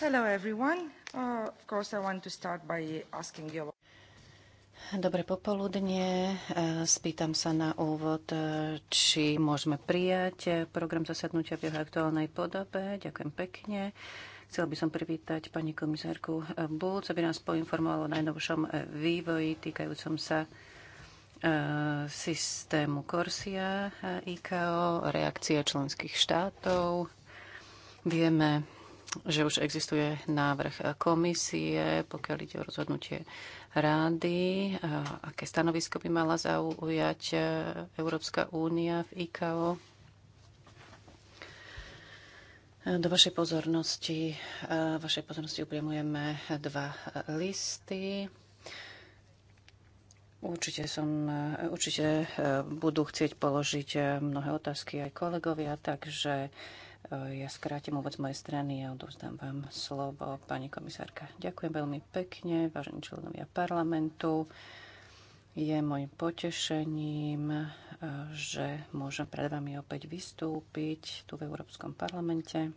Hello everyone. Uh, of course I want to start by asking you Dobre popoludne. Uh, spýtam sa na úvod, uh, či môžeme prijať uh, program zasadnutia v jeho aktuálnej podobe. Ďakujem pekne. Chcel by som privítať pani komisárku Bulc, aby nás poinformovala o najnovšom vývoji týkajúcom sa E, systému Corsia e, IKO, reakcie členských štátov. Vieme, že už existuje návrh komisie, pokiaľ ide o rozhodnutie rády, e, aké stanovisko by mala zaujať Európska únia v IKO. Do vašej pozornosti, vašej pozornosti upriamujeme dva listy. Určite, som, e, určite e, budú chcieť položiť e, mnohé otázky aj kolegovia, takže ja skrátim úvod z mojej strany a odovzdám vám slovo, pani komisárka. Ďakujem veľmi pekne, vážení členovia parlamentu. Je môjim potešením, že môžem pred vami opäť vystúpiť tu v Európskom parlamente.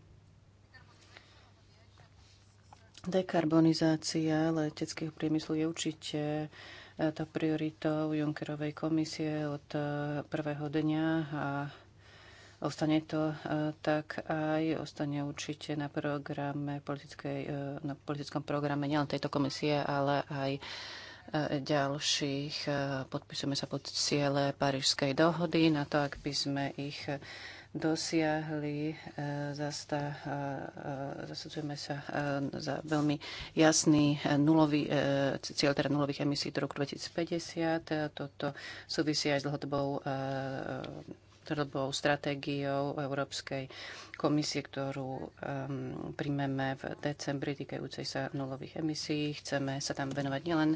Dekarbonizácia leteckého priemyslu je určite to prioritou Junckerovej komisie od e, prvého dňa a ostane to e, tak aj, ostane určite na programe politickej, e, na politickom programe nielen tejto komisie, ale aj ďalších. Podpisujeme sa pod ciele Parížskej dohody na to, ak by sme ich dosiahli. E, zasta, e, e, zasadzujeme sa za veľmi jasný nulový, cieľ teda nulových emisí do roku 2050. Toto súvisí aj s dlhodobou dlhodobou stratégiou Európskej komisie, ktorú um, príjmeme v decembri týkajúcej sa nulových emisí. Chceme sa tam venovať nielen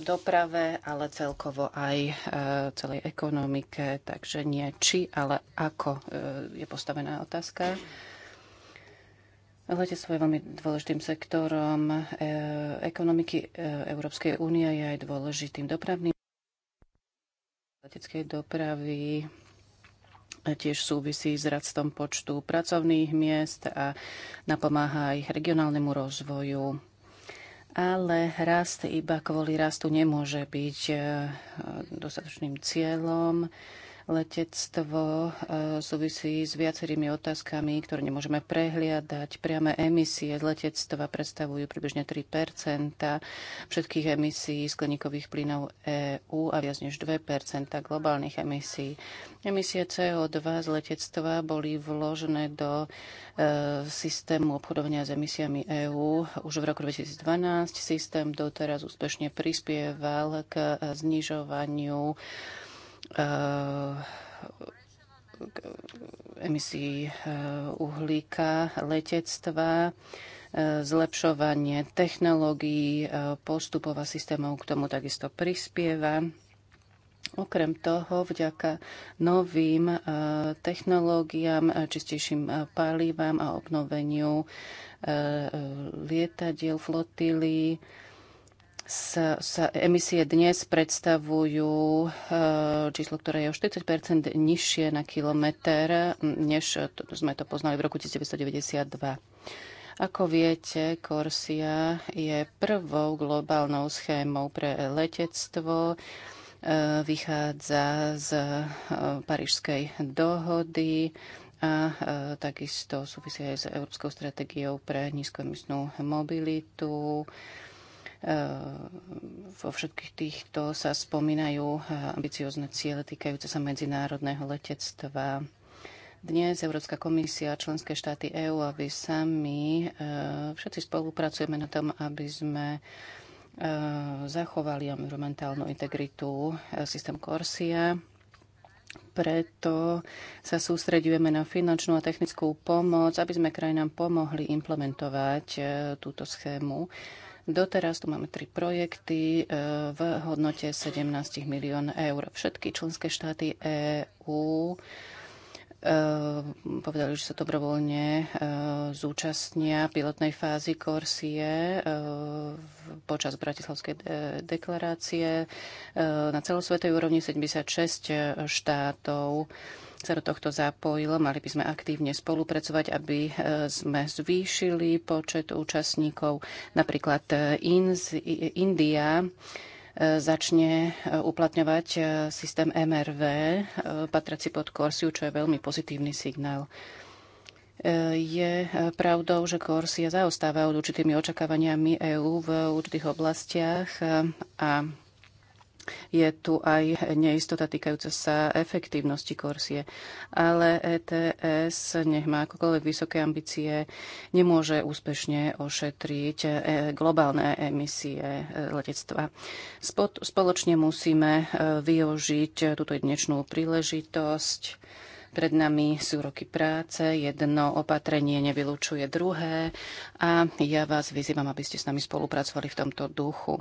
doprave, ale celkovo aj e, celej ekonomike. Takže nie či, ale ako e, je postavená otázka. Letectvo je veľmi dôležitým sektorom e, ekonomiky Európskej únie, je aj dôležitým dopravným leteckej dopravy tiež súvisí s rastom počtu pracovných miest a napomáha ich regionálnemu rozvoju ale rast iba kvôli rastu nemôže byť eh, dostatočným cieľom. Letectvo eh, súvisí s viacerými otázkami, ktoré nemôžeme prehliadať. Priame emisie z letectva predstavujú približne 3 všetkých emisí skleníkových plynov EÚ a viac než 2 globálnych emisí. Emisie CO2 z letectva boli vložené do eh, systému obchodovania s emisiami EÚ už v roku 2012. Systém doteraz úspešne prispieval k eh, znižovaniu Eh, emisí eh, uhlíka, letectva, eh, zlepšovanie technológií, postupov a systémov k tomu takisto prispieva. Okrem toho, vďaka novým technológiám, čistejším palivám a obnoveniu lietadiel, flotily, sa, sa emisie dnes predstavujú e, číslo, ktoré je o 40 nižšie na kilometr, než to, sme to poznali v roku 1992. Ako viete, Corsia je prvou globálnou schémou pre letectvo. E, vychádza z e, Parížskej dohody a takisto súvisia aj s Európskou stratégiou pre nízkoemisnú mobilitu Ehm, vo všetkých týchto sa spomínajú eh, ambiciozne ciele týkajúce sa medzinárodného letectva. Dnes Európska komisia, členské štáty EÚ a vy sami eh, všetci spolupracujeme na tom, aby sme eh, zachovali environmentálnu integritu systém Corsia. Preto sa sústredujeme na finančnú a technickú pomoc, aby sme krajinám pomohli implementovať túto schému Doteraz tu máme tri projekty e, v hodnote 17 milión eur. Všetky členské štáty EÚ Ehm, povedali, že sa dobrovoľne ehm, zúčastnia pilotnej fázy Korsie ehm, počas Bratislavskej e, deklarácie. Na celosvetej úrovni 76 e, štátov sa do tohto zapojilo. Mali by sme aktívne spolupracovať, aby e, sme zvýšili počet účastníkov. Napríklad India začne e, uplatňovať e, systém MRV, e, patraci pod Korsiu, čo je veľmi pozitívny signál. Je pravdou, že Korsia zaostáva od určitými očakávaniami EÚ v určitých oblastiach a je tu aj neistota týkajúca sa efektívnosti Korsie. Ale ETS, nech má akokoľvek vysoké ambície, nemôže úspešne ošetriť e, globálne emisie e, letectva. Spoločne musíme e, využiť túto dnešnú príležitosť. Pred nami sú roky práce, jedno opatrenie nevylučuje druhé a ja vás vyzývam, aby ste s nami spolupracovali v tomto duchu.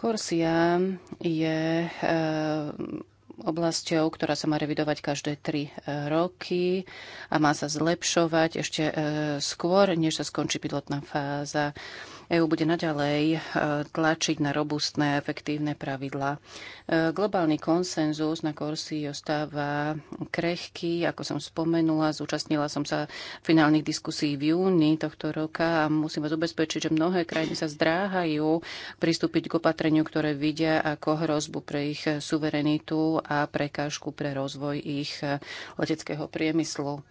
Korsia je eh, oblasťou, ktorá sa má revidovať každé tri eh, roky a má sa zlepšovať ešte eh, skôr, než sa skončí pilotná fáza. EÚ bude naďalej e, tlačiť na robustné a efektívne pravidlá. E, globálny konsenzus na Korsi ostáva krehký, ako som spomenula. Zúčastnila som sa finálnych diskusí v júni tohto roka a musím vás ubezpečiť, že mnohé krajiny sa zdráhajú pristúpiť k opatreniu, ktoré vidia ako hrozbu pre ich suverenitu a prekážku pre rozvoj ich e, leteckého priemyslu.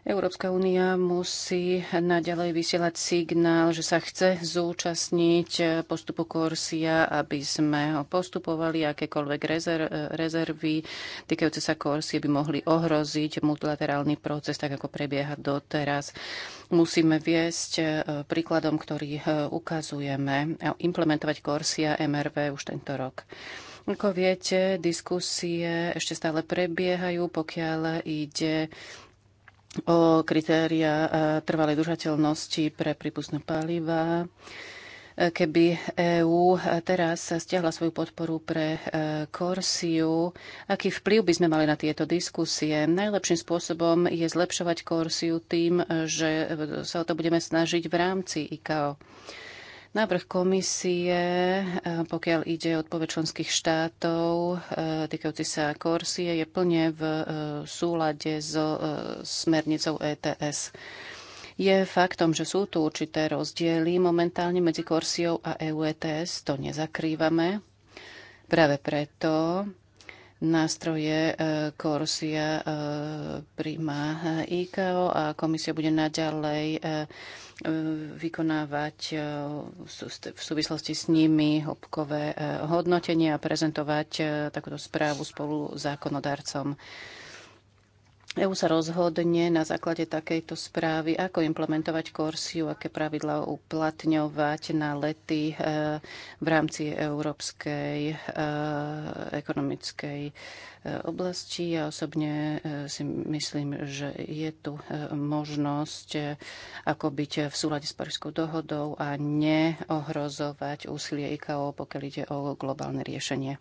Európska únia musí naďalej vysielať signál, že sa chce zúčastniť postupu Korsia, aby sme ho postupovali. Akékoľvek rezerv, rezervy týkajúce sa Korsie by mohli ohroziť multilaterálny proces, tak ako prebieha doteraz. Musíme viesť e, príkladom, ktorý e, ukazujeme a implementovať Korsia MRV už tento rok. Ako viete, diskusie ešte stále prebiehajú, pokiaľ ide o kritéria e, trvalej držateľnosti pre prípustné paliva. E, keby EÚ e, teraz stiahla svoju podporu pre Korsiu, aký vplyv by sme mali na tieto diskusie? Najlepším spôsobom je zlepšovať Korsiu tým, že sa o to budeme snažiť v rámci IKO. Návrh komisie, eh, pokiaľ ide o odpoveď členských štátov eh, týkajúci sa Korsie, je plne v eh, súlade so smernicou ETS. Je faktom, že sú tu určité rozdiely momentálne medzi Korsiou a EU ETS, to nezakrývame. Práve preto nástroje Korsia e, e, príjma e, IKO a komisia bude naďalej vykonávať v súvislosti s nimi hopkové hodnotenie a prezentovať takúto správu spolu zákonodarcom. EÚ sa rozhodne na základe takejto správy, ako implementovať Korsiu, aké pravidlá uplatňovať na lety e, v rámci Európskej e, ekonomickej oblasti. Ja osobne e, si myslím, že je tu e, možnosť e, ako byť v súlade s Parížskou dohodou a neohrozovať úsilie IKO, pokiaľ ide o globálne riešenie.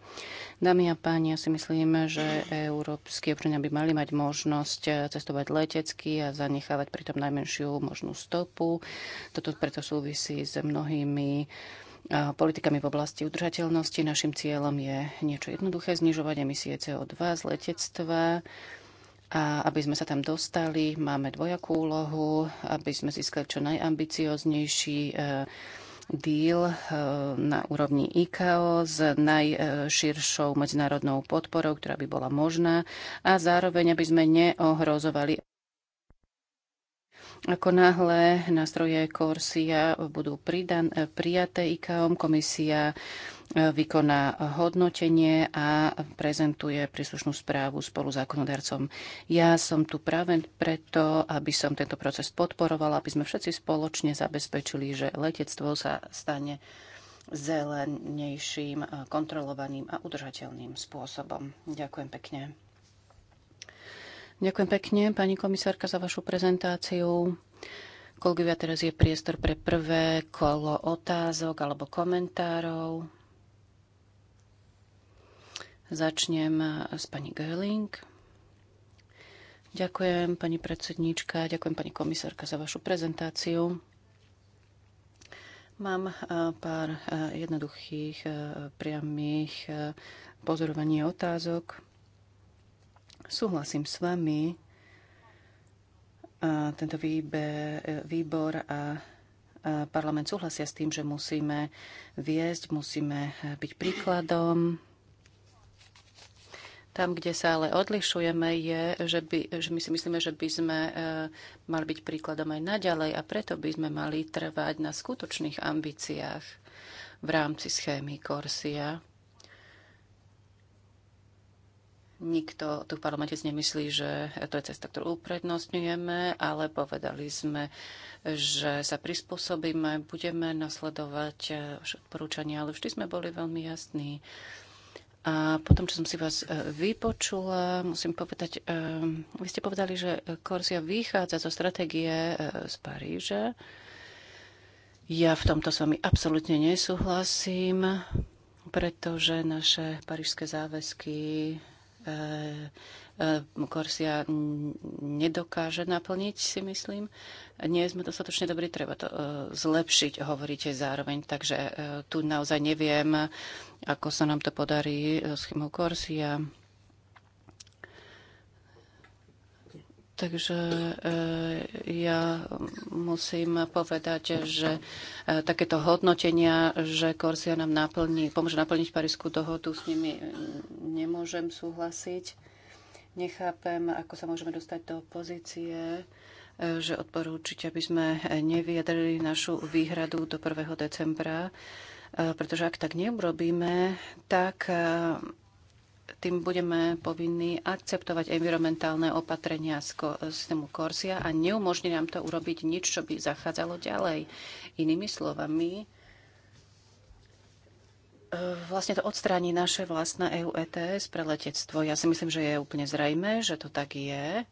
Dámy a páni, ja si myslím, že európsky občania by mali mať možnosť cestovať letecky a zanechávať pritom najmenšiu možnú stopu. Toto preto súvisí s mnohými politikami v oblasti udržateľnosti. Našim cieľom je niečo jednoduché, znižovať emisie CO2 z letectva. A aby sme sa tam dostali, máme dvojakú úlohu, aby sme získali čo najambicioznejší e, deal e, na úrovni ICAO s najširšou medzinárodnou podporou, ktorá by bola možná a zároveň, aby sme neohrozovali ako náhle nástroje Korsia budú pridan, eh, prijaté IKOM, komisia eh, vykoná hodnotenie a prezentuje príslušnú správu spolu zákonodarcom. Ja som tu práve preto, aby som tento proces podporovala, aby sme všetci spoločne zabezpečili, že letectvo sa stane zelenejším, eh, kontrolovaným a udržateľným spôsobom. Ďakujem pekne. Ďakujem pekne, pani komisárka, za vašu prezentáciu. Kolegovia, teraz je priestor pre prvé kolo otázok alebo komentárov. Začnem s pani Göling. Ďakujem, pani predsedníčka, ďakujem, pani komisárka, za vašu prezentáciu. Mám eh, pár eh, jednoduchých, eh, priamých pozorovaní otázok. Súhlasím s vami. A tento výbe, e, výbor a parlament súhlasia s tým, že musíme viesť, musíme byť príkladom. Tam, kde sa ale odlišujeme, je, že, by, že my si myslíme, že by sme e, mali byť príkladom aj naďalej a preto by sme mali trvať na skutočných ambíciách v rámci schémy Korsia Nikto tu v parlamente si nemyslí, že to je cesta, ktorú uprednostňujeme, ale povedali sme, že sa prispôsobíme, budeme nasledovať odporúčania, ale vždy sme boli veľmi jasní. A potom, čo som si vás e, vypočula, musím povedať, e, vy ste povedali, že Korsia vychádza zo stratégie e, z Paríže. Ja v tomto s vami absolútne nesúhlasím, pretože naše parížské záväzky Korsia e, e, nedokáže naplniť, si myslím. Nie sme dostatočne dobrí, treba to e, zlepšiť, hovoríte zároveň. Takže tu naozaj neviem, ako sa nám to podarí s chymou Korsia. Takže e, ja musím povedať, že e, takéto hodnotenia, že Korsia nám naplní, pomôže naplniť Parísku dohodu, s nimi nemôžem súhlasiť. Nechápem, ako sa môžeme dostať do pozície, e, že odporúčiť, aby sme nevyjadrili našu výhradu do 1. decembra, pretože ak tak neurobíme, tak tým budeme povinní akceptovať environmentálne opatrenia z systému Korsia a neumožní nám to urobiť nič, čo by zachádzalo ďalej. Inými slovami, e, vlastne to odstráni naše vlastné EU ETS pre letectvo. Ja si myslím, že je úplne zrejme, že to tak je.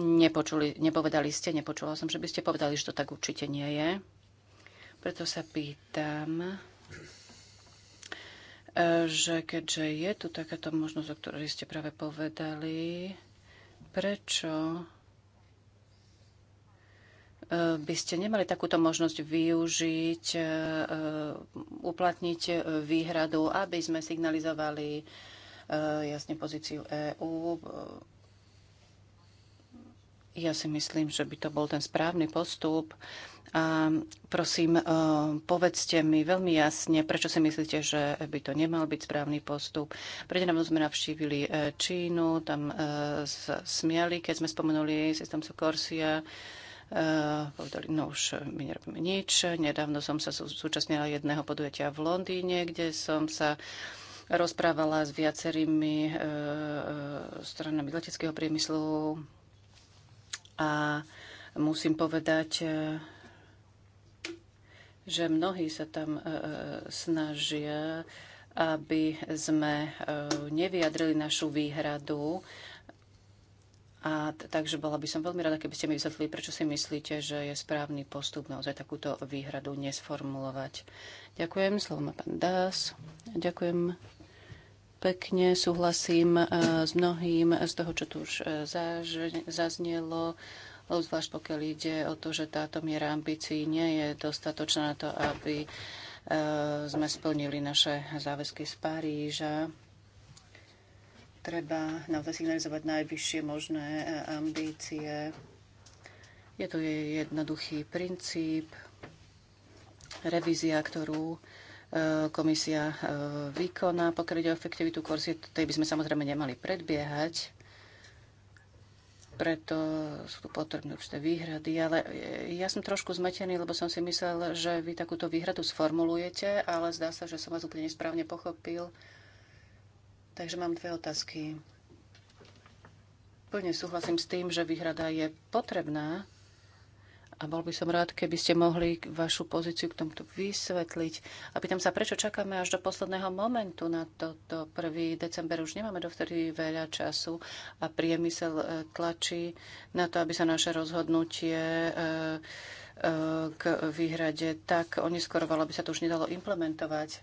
Nepočuli, nepovedali ste, nepočula som, že by ste povedali, že to tak určite nie je. Preto sa pýtam, že keďže je tu takáto možnosť, o ktorej ste práve povedali, prečo e, by ste nemali takúto možnosť využiť, e, uplatniť výhradu, aby sme signalizovali e, jasne pozíciu EÚ ja si myslím, že by to bol ten správny postup. A prosím, e, povedzte mi veľmi jasne, prečo si myslíte, že by to nemal byť správny postup. Prednedávno sme navštívili e, Čínu, tam e, smiali, keď sme spomenuli systém Sokorsia. Povedali, no už my nerobíme nič. Nedávno som sa súčasnila jedného podujatia v Londýne, kde som sa rozprávala s viacerými stranami leteckého priemyslu, a musím povedať, e, že mnohí sa tam e, e, snažia, aby sme nevyjadrili našu výhradu. A takže bola by som veľmi rada, keby ste mi vysvetlili, prečo si myslíte, že je správny postup naozaj takúto výhradu nesformulovať. Ďakujem, slovo má pán Dás. Ďakujem, pekne. Súhlasím e, s mnohým z toho, čo tu už e, zaznelo, zvlášť pokiaľ ide o to, že táto miera ambícií nie je dostatočná na to, aby e, sme splnili naše záväzky z Paríža. Treba naozaj signalizovať najvyššie možné ambície. Je to jednoduchý princíp, revízia, ktorú E, komisia e, vykoná, pokiaľ ide o efektivitu kurzie, tej by sme samozrejme nemali predbiehať, preto sú tu potrebné určité výhrady, ale e, ja som trošku zmetený, lebo som si myslel, že vy takúto výhradu sformulujete, ale zdá sa, že som vás úplne nesprávne pochopil. Takže mám dve otázky. Plne súhlasím s tým, že výhrada je potrebná, a bol by som rád, keby ste mohli vašu pozíciu k tomuto vysvetliť. A pýtam sa, prečo čakáme až do posledného momentu na toto 1. december. Už nemáme dovtedy veľa času a priemysel e, tlačí na to, aby sa naše rozhodnutie e, e, k výhrade tak oneskorovalo, aby sa to už nedalo implementovať.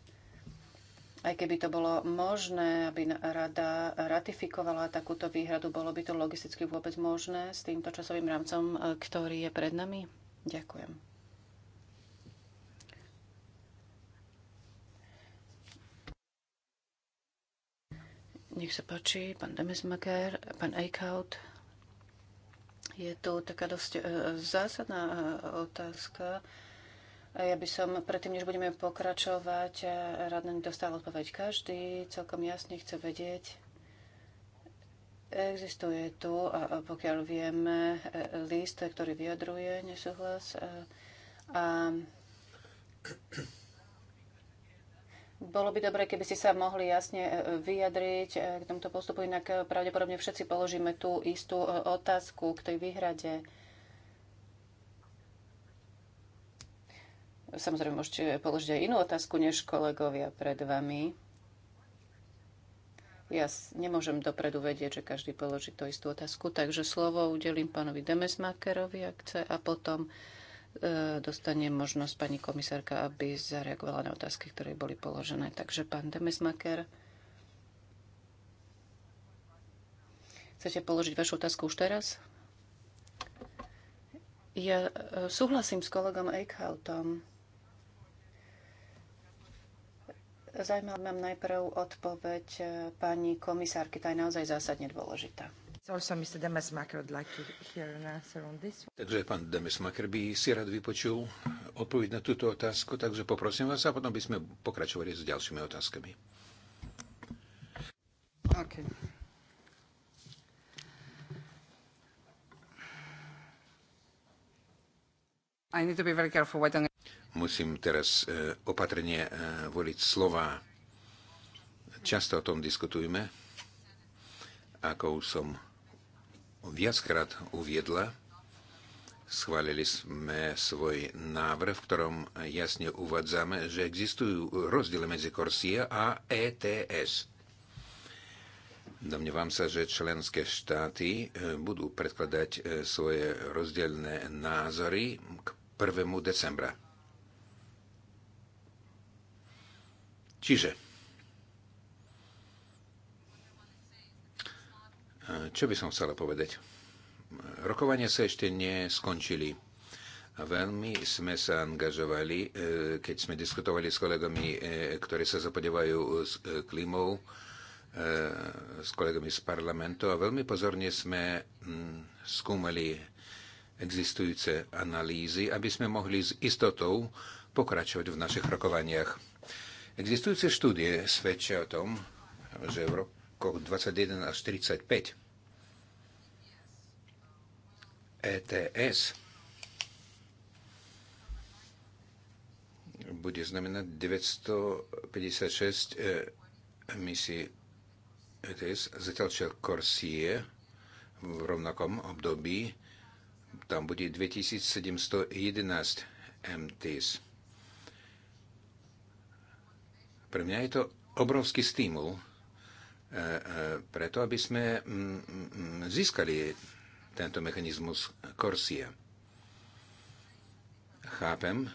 Aj keby to bolo možné, aby rada ratifikovala takúto výhradu, bolo by to logisticky vôbec možné s týmto časovým rámcom, e, ktorý je pred nami? Ďakujem. Nech sa páči, pán Demesmaker, pán Eichhout. Je tu taká dosť e, e, zásadná otázka ja by som, predtým, než budeme pokračovať, eh, rád na dostal odpoveď každý. Celkom jasne chce vedieť. Existuje tu, a pokiaľ vieme, eh, list, ktorý vyjadruje nesúhlas. Eh, a bolo by dobre, keby ste sa mohli jasne vyjadriť k tomuto postupu, inak pravdepodobne všetci položíme tú istú otázku k tej výhrade. Samozrejme, môžete položiť aj inú otázku než kolegovia pred vami. Ja nemôžem dopredu vedieť, že každý položí tú istú otázku, takže slovo udelím pánovi Demesmakerovi, ak chce, a potom e, dostane možnosť pani komisárka, aby zareagovala na otázky, ktoré boli položené. Takže pán Demesmaker, chcete položiť vašu otázku už teraz? Ja e, súhlasím s kolegom Eichhautom. Zajímal mám najprv odpoveď eh, pani komisárky, tá je naozaj zásadne dôležitá. Takže pán Demesmaker by si rád vypočul odpoveď na túto otázku, takže poprosím vás a potom by sme pokračovali s ďalšími otázkami. Okay. I need to be very careful musím teraz e, opatrne e, voliť slova. Často o tom diskutujeme, ako už som viackrát uviedla. Schválili sme svoj návrh, v ktorom jasne uvádzame, že existujú rozdiely medzi Korsia a ETS. Domnievam sa, že členské štáty e, budú predkladať svoje rozdielne názory k 1. decembra Čiže, e, čo by som chcel povedať? E, rokovania sa ešte neskončili. Veľmi sme sa angažovali, e, keď sme diskutovali s kolegami, ktorí sa zapodevajú s klímou, s kolegami z parlamentu a veľmi pozorne sme skúmali existujúce analýzy, aby sme mohli s istotou pokračovať v našich rokovaniach Existujúce štúdie svedčia o tom, že v rokoch 21 až 35 ETS bude znamenať 956 eh, emisí ETS, zatiaľ čo Corsie v rovnakom období tam bude 2711 MTS. Pre mňa je to obrovský stimul e, e, preto, aby sme získali tento mechanizmus korsie. Chápem,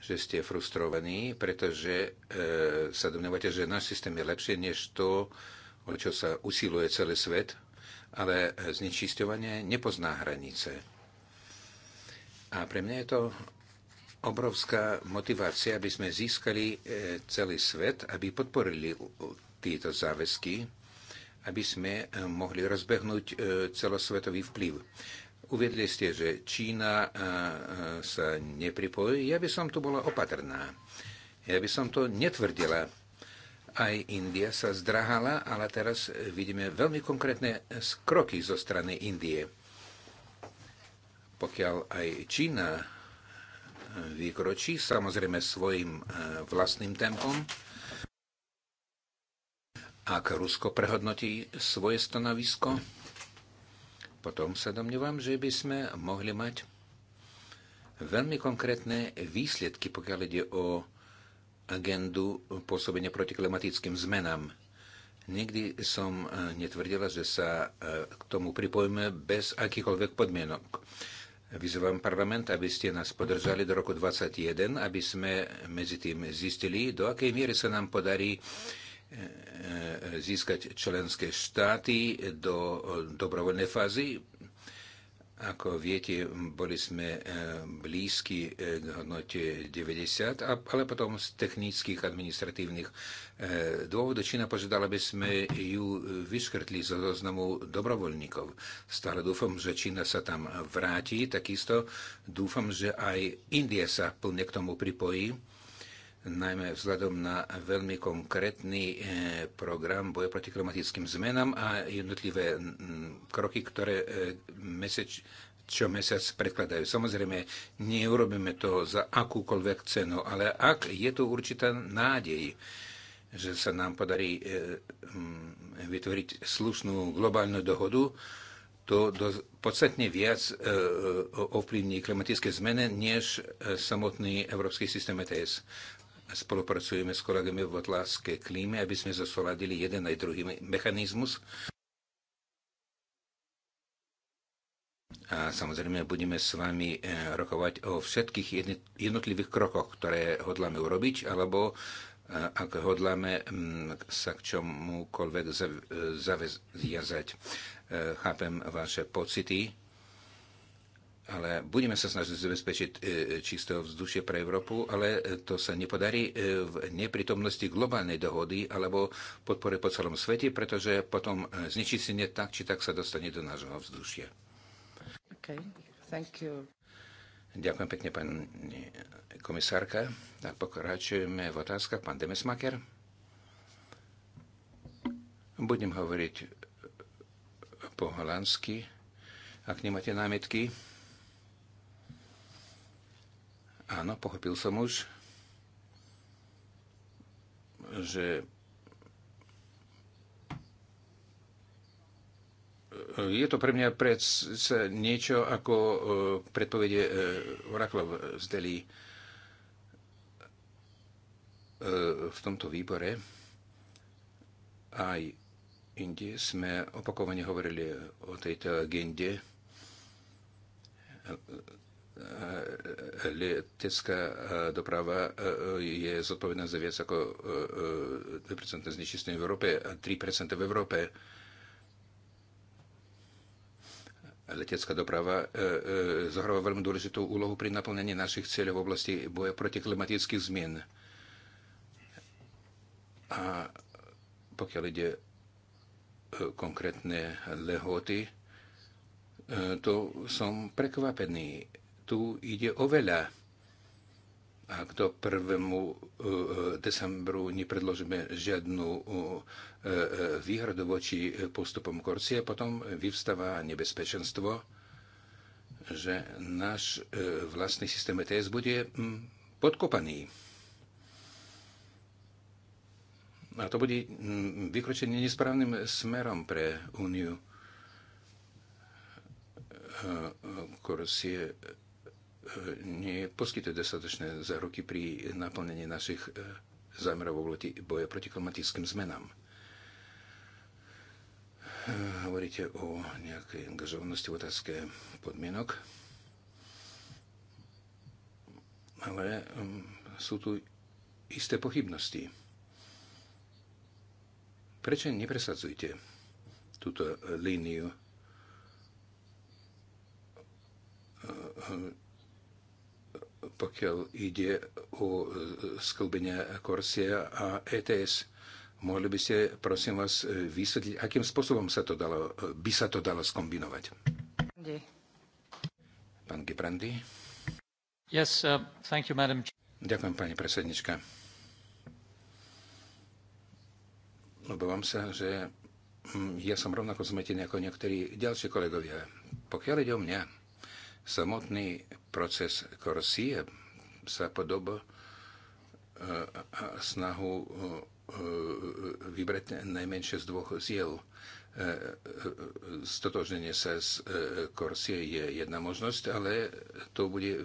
že ste frustrovaní, pretože e, sa domnievate, že náš systém je lepšie než to, o čo sa usiluje celý svet, ale znečisťovanie nepozná hranice. A pre mňa je to obrovská motivácia, aby sme získali e, celý svet, aby podporili tieto záväzky, aby sme e, mohli rozbehnúť e, celosvetový vplyv. Uviedli ste, že Čína sa nepripojí. Ja by som tu bola opatrná. Ja by som to netvrdila. Aj India sa zdrahala, ale teraz vidíme veľmi konkrétne kroky zo strany Indie. Pokiaľ aj Čína vykročí, samozrejme svojim e, vlastným tempom. Ak Rusko prehodnotí svoje stanovisko, potom sa domnievam, že by sme mohli mať veľmi konkrétne výsledky, pokiaľ ide o agendu pôsobenia proti klimatickým zmenám. Nikdy som e, netvrdila, že sa e, k tomu pripojíme bez akýchkoľvek podmienok. Vyzývam parlament, aby ste nás podržali do roku 2021, aby sme medzi tým zistili, do akej miery sa nám podarí e, e, získať členské štáty do dobrovoľnej fázy ako viete, boli sme e, blízki e, k hodnote 90, ale potom z technických administratívnych e, dôvodov Čína požiadala, aby sme ju vyškrtli zo zoznamu dobrovoľníkov. Stále dúfam, že Čína sa tam vráti, takisto dúfam, že aj India sa plne k tomu pripojí najmä vzhľadom na veľmi konkrétny eh, program boja proti klimatickým zmenám a jednotlivé mm, kroky, ktoré eh, meseč, čo mesiac predkladajú. Samozrejme, neurobíme to za akúkoľvek cenu, ale ak je tu určitá nádej, že sa nám podarí eh, mm, vytvoriť slušnú globálnu dohodu, to do, podstatne viac e, ovplyvní klimatické zmeny než samotný európsky systém ETS spolupracujeme s kolegami v otázke klímy, aby sme zosúladili jeden aj druhý mechanizmus. A samozrejme budeme s vami eh, rokovať o všetkých jednotlivých krokoch, ktoré hodláme urobiť, alebo eh, ak hodláme mm, sa k čomukoľvek eh, zaviazať. Chápem vaše pocity ale budeme sa snažiť zabezpečiť e, čisté vzdušie pre Európu, ale e, to sa nepodarí e, v neprítomnosti globálnej dohody alebo podpore po celom svete, pretože potom znečistenie tak či tak sa dostane do nášho vzdušia. Okay. Thank you. Ďakujem pekne, pani komisárka. Tak pokračujeme v otázkach. Pán Demesmaker. Budem hovoriť po holandsky, ak nemáte námietky. Áno, pochopil som už, že e, je to pre mňa predsa niečo ako e, predpovede e, oraklov z Delhi v tomto výbore aj inde sme opakovane hovorili o tejto agende letecká eh, doprava eh, je zodpovedná za viac ako 2% eh, znečistenia v Európe a 3% v Európe. Letecká doprava zohráva veľmi dôležitú úlohu pri naplnení našich cieľov v oblasti boja proti klimatických zmien. A pokiaľ ide konkrétne lehoty, to som prekvapený tu ide o veľa. A k 1. decembru nepredložíme žiadnu e, e, výhradu voči e, postupom Korcie, potom vyvstáva nebezpečenstvo, že náš vlastný systém ETS bude podkopaný. A to bude vykročenie nesprávnym smerom pre Úniu. Korcie nie poskytuje dostatočné záruky pri naplnení našich e, zámerov v oblasti boja proti klimatickým zmenám. E, hovoríte o nejakej angažovanosti v otázke podmienok, ale sú tu isté pochybnosti. Prečo nepresadzujete túto líniu e, pokiaľ ide o e, sklbenie Corsia a ETS. Mohli by ste, prosím vás, e, vysvetliť, akým spôsobom sa to dalo, e, by sa to dalo skombinovať? Pán Gibrandy. Yes, uh, thank you, madam. Ďakujem, pani predsednička. Obávam sa, že mm, ja som rovnako zmetený ako niektorí ďalší kolegovia. Pokiaľ ide o mňa, Samotný proces Korsie sa podoba e, snahu e, e, vybrať najmenšie z dvoch ziel. Stotožnenie sa z Korsie je jedna možnosť, ale to bude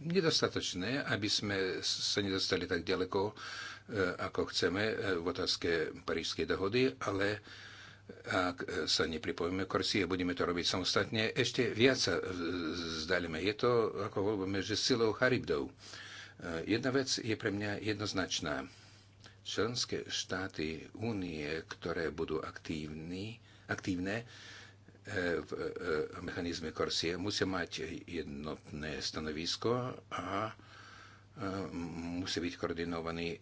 nedostatočné, aby sme sa nedostali tak ďaleko, ako chceme v otázke Parížskej dohody, ale ak e, sa nepripojíme k Rusii a budeme to robiť samostatne, ešte viac sa e, vzdalíme. Je to, ako hovoríme, že silou Charybdou. E, jedna vec je pre mňa jednoznačná. Členské štáty únie, ktoré budú aktívni, aktívne v mechanizme Korsie, musia mať jednotné stanovisko a musí byť koordinovaný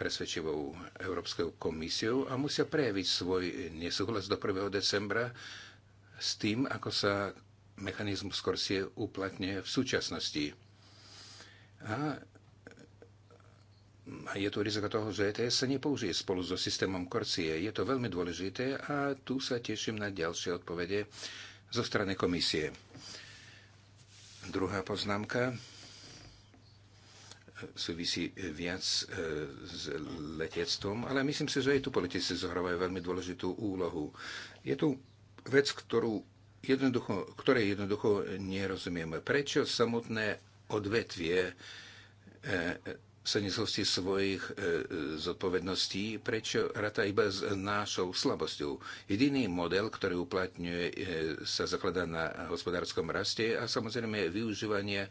presvedčivou Európskou komisiou a musia prejaviť svoj nesúhlas do 1. decembra s tým, ako sa mechanizmus skorsie uplatňuje v súčasnosti. A a je tu riziko toho, že ETS sa nepoužije spolu so systémom Korcie. Je to veľmi dôležité a tu sa teším na ďalšie odpovede zo strany komisie. Druhá poznámka súvisí e, viac e, s letectvom, ale myslím si, že aj tu politici zohrávajú veľmi dôležitú úlohu. Je tu vec, ktorú jednoducho, ktorej jednoducho nerozumieme. Prečo samotné odvetvie e, sa nezhostí svojich zodpovedností, prečo rata iba s našou slabosťou. Jediný model, ktorý uplatňuje, sa zakladá na hospodárskom raste a samozrejme využívanie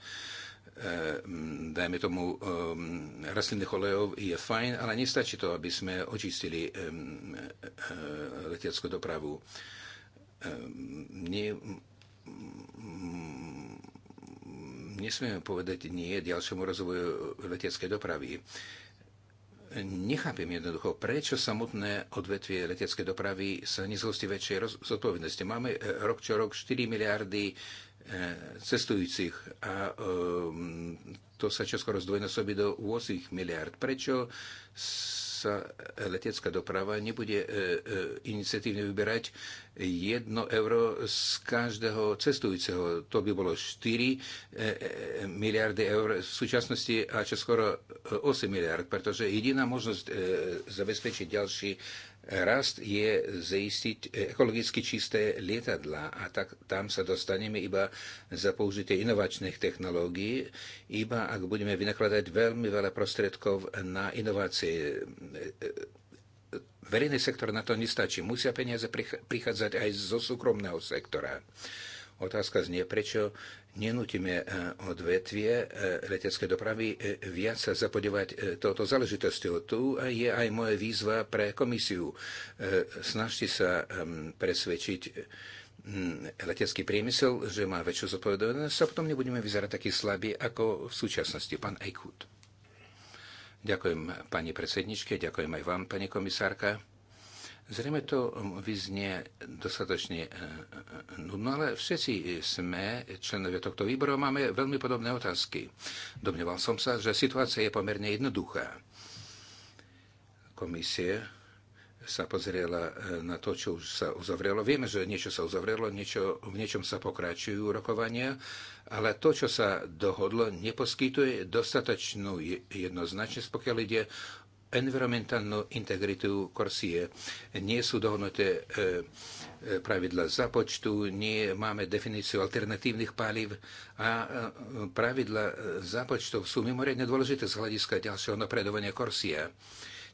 Ehm, dajme tomu, ehm, rastlinných olejov je fajn, ale nestačí to, aby sme očistili ehm, eh, leteckú dopravu. Nie, nesmieme povedať nie ďalšiemu rozvoju leteckej dopravy. Nechápem jednoducho, prečo samotné odvetvie leteckej dopravy sa nezhosti väčšej zodpovednosti. Máme eh, rok čo rok 4 miliardy Eh, cestujúcich a eh, to sa čoskoro zdvojnásobí do 8 miliard. Prečo sa letecká doprava nebude eh, iniciatívne vyberať 1 euro z každého cestujúceho. To by bolo 4 miliardy eur v súčasnosti a čoskoro 8 miliard, pretože jediná možnosť zabezpečiť ďalší Rast je zaistiť ekologicky čisté lietadla a tak tam sa dostaneme iba za použitie inovačných technológií, iba ak budeme vynakladať veľmi veľa prostriedkov na inovácie verejný sektor na to nestačí. Musia peniaze prichádzať aj zo súkromného sektora. Otázka znie, prečo nenútime e, odvetvie e, letecké dopravy e, viac sa zapodívať touto záležitosťou. Tu je aj moja výzva pre komisiu. Snažte sa presvedčiť mm, letecký priemysel, že má väčšiu zodpovednosť a potom nebudeme vyzerať taký slabý ako v súčasnosti. Pán Eichhut. Ďakujem pani predsedničke, ďakujem aj vám, pani komisárka. Zrejme to vyznie dostatočne e, e, nudno, ale všetci sme členovia tohto výboru máme veľmi podobné otázky. Domňoval som sa, že situácia je pomerne jednoduchá. Komisie sa pozrela e, na to, čo už sa uzavrelo. Vieme, že niečo sa uzavrelo, niečo, v niečom sa pokračujú rokovania, ale to, čo sa dohodlo, neposkytuje dostatočnú jednoznačnosť, pokiaľ ide environmentálnu integritu Korsie. Nie sú dohodnuté e, e, pravidla započtu, nie máme definíciu alternatívnych palív a e, pravidla započtov sú mimoriadne dôležité z hľadiska ďalšieho napredovania Korsia.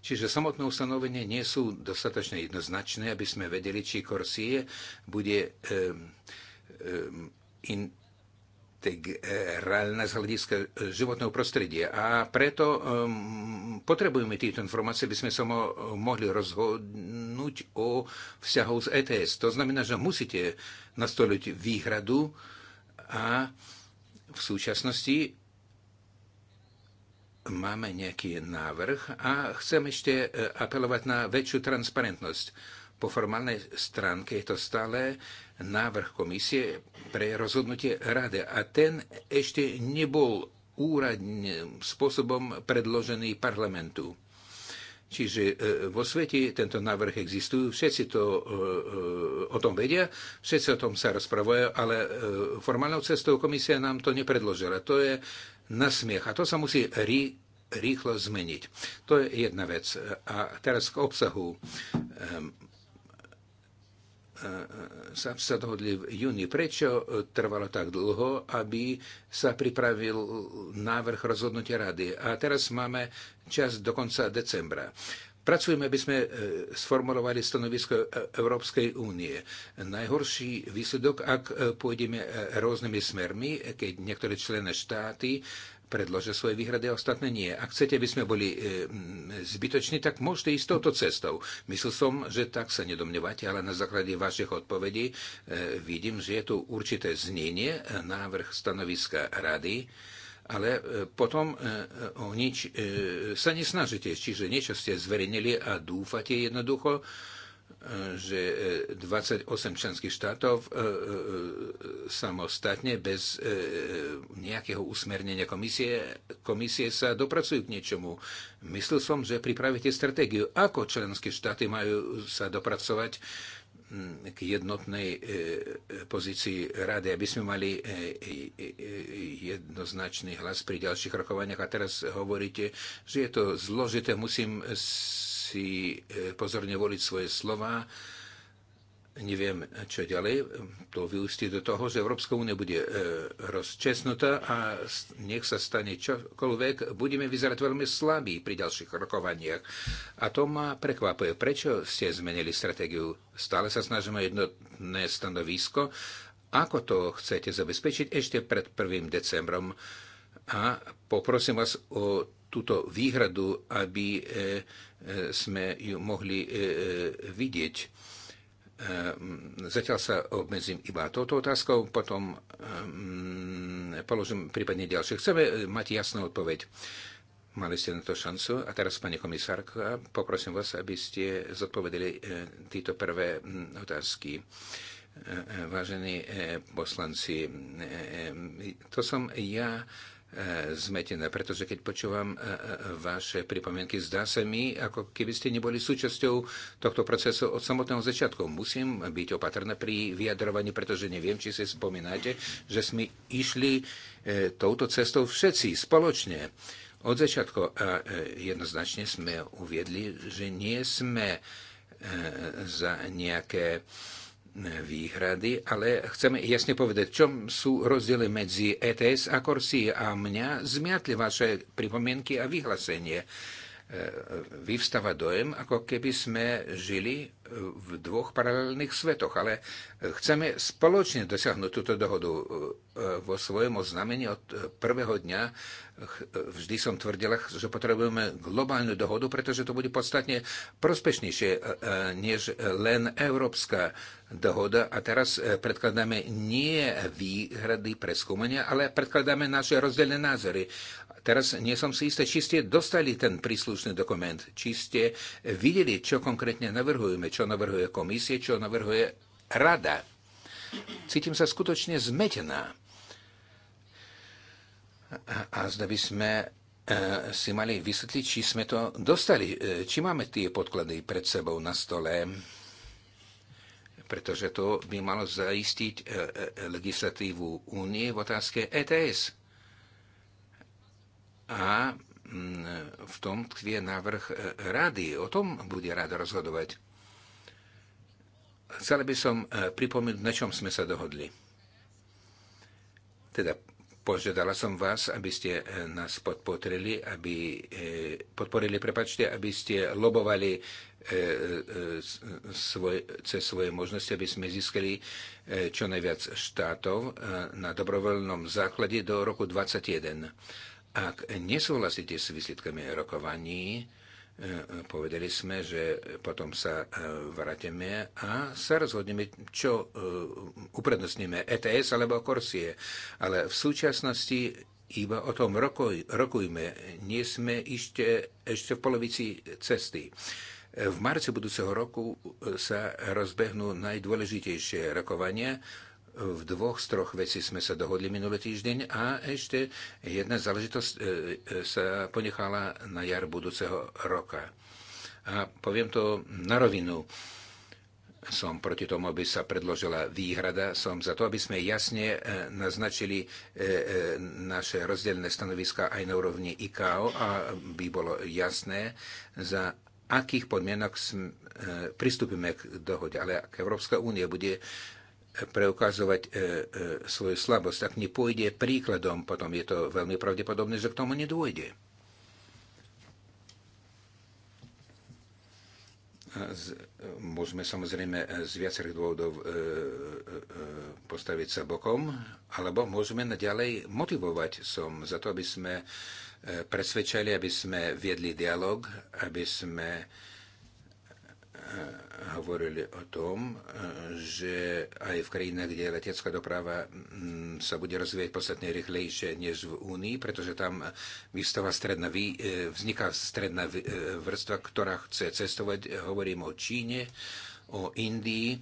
Čiže samotné ustanovenie nie sú dostatočne jednoznačné, aby sme vedeli, či Korsie bude in, integrálna z hľadiska e, životného prostredia. A preto e, potrebujeme tieto informácie, aby sme sa mohli rozhodnúť o vzťahu z ETS. To znamená, že musíte nastoliť výhradu a v súčasnosti máme nejaký návrh a chcem ešte e, apelovať na väčšiu transparentnosť po formálnej stránke je to stále návrh komisie pre rozhodnutie rady a ten ešte nebol úradným spôsobom predložený parlamentu. Čiže e, vo svete tento návrh existujú, všetci to e, e, o tom vedia, všetci o tom sa rozprávajú, ale formálnou cestou komisia nám to nepredložila. To je nasmiech a to sa musí ri, rýchlo zmeniť. To je jedna vec. A teraz k obsahu. Ehm, sa, sa dohodli v júni. Prečo e, trvalo tak dlho, aby sa pripravil návrh rozhodnutia rady? A teraz máme čas do konca decembra. Pracujeme, aby sme e, sformulovali stanovisko e, Európskej únie. Najhorší výsledok, ak pôjdeme rôznymi smermi, keď niektoré člené štáty predložia svoje výhrady a ostatné nie. Ak chcete, aby sme boli e, zbytoční, tak môžete ísť touto cestou. Myslel som, že tak sa nedomnevate, ale na základe vašich odpovedí e, vidím, že je tu určité znenie, e, návrh stanoviska rady, ale e, potom e, o nič sa nesnažíte, čiže niečo ste zverejnili a dúfate jednoducho, že 28 e, členských štátov e, e, samostatne, bez nejakého usmernenia komisie, komisie sa dopracujú k niečomu. Myslel som, že pripravíte stratégiu, ako členské štáty majú sa dopracovať mm, k jednotnej pozícii rady, aby sme mali jednoznačný hlas pri ďalších rokovaniach. A teraz hovoríte, že je to zložité, musím si e, pozorne voliť svoje slova. Neviem, čo ďalej. To vyústi do toho, že Európska únia bude e, rozčesnutá a nech sa stane čokoľvek, budeme vyzerať veľmi slabí pri ďalších rokovaniach. A to ma prekvapuje. Prečo ste zmenili stratégiu? Stále sa snažíme jednotné stanovisko. Ako to chcete zabezpečiť ešte pred 1. decembrom? a poprosím vás o túto výhradu, aby e, E, sme ju mohli e, e, vidieť. Zatiaľ sa obmedzím iba touto otázkou, potom položím prípadne ďalšie. Chceme mať jasnú odpoveď. Mali ste na to šancu. A teraz, pani komisárka, poprosím vás, aby ste zodpovedali tieto prvé otázky. Vážení poslanci, to som ja E, zmetené, pretože keď počúvam e, e, vaše pripomienky, zdá sa mi, ako keby ste neboli súčasťou tohto procesu od samotného začiatku. Musím byť opatrná pri vyjadrovaní, pretože neviem, či si spomínate, že sme išli touto cestou všetci spoločne od začiatku. A jednoznačne sme uviedli, že nie sme za nejaké výhrady, ale chceme jasne povedať, čom sú rozdiely medzi ETS a Corsia a mňa zmiatli vaše pripomienky a vyhlásenie. E, vyvstáva dojem, ako keby sme žili e, v dvoch paralelných svetoch, ale chceme spoločne dosiahnuť túto dohodu. E, vo svojom oznamení od prvého dňa vždy som tvrdil, že potrebujeme globálnu dohodu, pretože to bude podstatne prospešnejšie než len európska dohoda. A teraz predkladáme nie výhrady pre skúmania, ale predkladáme naše rozdielne názory. Teraz nie som si istý, či ste dostali ten príslušný dokument, či ste videli, čo konkrétne navrhujeme, čo navrhuje komisie, čo navrhuje rada. Cítim sa skutočne zmetená. A, a zda by sme e, si mali vysvetliť, či sme to dostali, e, či máme tie podklady pred sebou na stole, pretože to by malo zaistiť e, legislatívu únie v otázke ETS. A mm, v tom tkvie návrh e, rady. O tom bude rada rozhodovať. Chcel by som e, pripomínať, na čom sme sa dohodli. Teda požiadala som vás, aby ste e, nás podporili, aby, podporili, prepačte, aby ste lobovali svoj, cez svoje možnosti, aby sme získali čo najviac štátov na dobrovoľnom základe do roku 2021 ak nesúhlasíte s výsledkami rokovaní, e, e, povedali sme, že potom sa e, vrátime a sa rozhodneme, čo uprednostníme, ETS alebo Korsie. Ale v súčasnosti iba o tom rokuj, rokujme. Nie sme ešte, ešte v polovici cesty. V marci budúceho roku sa rozbehnú najdôležitejšie rokovania v dvoch z troch vecí sme sa dohodli minulý týždeň a ešte jedna záležitosť e, e, sa ponechala na jar budúceho roka. A poviem to na rovinu. Som proti tomu, aby sa predložila výhrada. Som za to, aby sme jasne e, naznačili naše rozdielne stanoviska aj na úrovni IKO a by bolo jasné, za akých podmienok pristúpime k dohode. Ale ak Európska únia bude preukazovať e, e, svoju slabosť. Ak nepôjde príkladom, potom je to veľmi pravdepodobné, že k tomu nedôjde. Z, môžeme samozrejme e, z viacerých dôvodov e, e, e, postaviť sa bokom, alebo môžeme naďalej motivovať som za to, aby sme e, presvedčali, aby sme viedli dialog, aby sme e, hovorili o tom, e, že aj v krajinách, kde letecká doprava sa bude rozvíjať podstatne rýchlejšie než v Únii, pretože tam stredná, e, vzniká stredná e, vrstva, ktorá chce cestovať. Hovorím o Číne, o Indii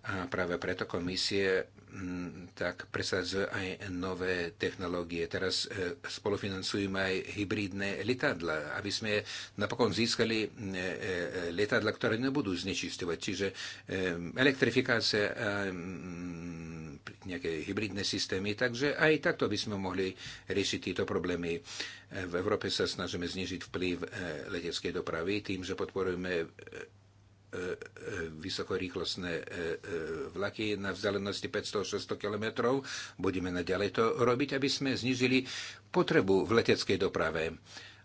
a práve preto komisie Mm, tak presadzujú aj nové technológie. Teraz e, spolufinancujeme aj hybridné letadla, aby sme napokon získali e, e, letadla, ktoré nebudú znečistovať. Čiže elektrifikácia mm, nejaké hybridné systémy, takže aj takto by sme mohli riešiť tieto problémy. V Európe sa snažíme znižiť vplyv leteckej dopravy tým, že podporujeme vysokorýchlostné e, e, vlaky na vzdialenosti 500-600 km. Budeme naďalej to robiť, aby sme znižili potrebu v leteckej doprave.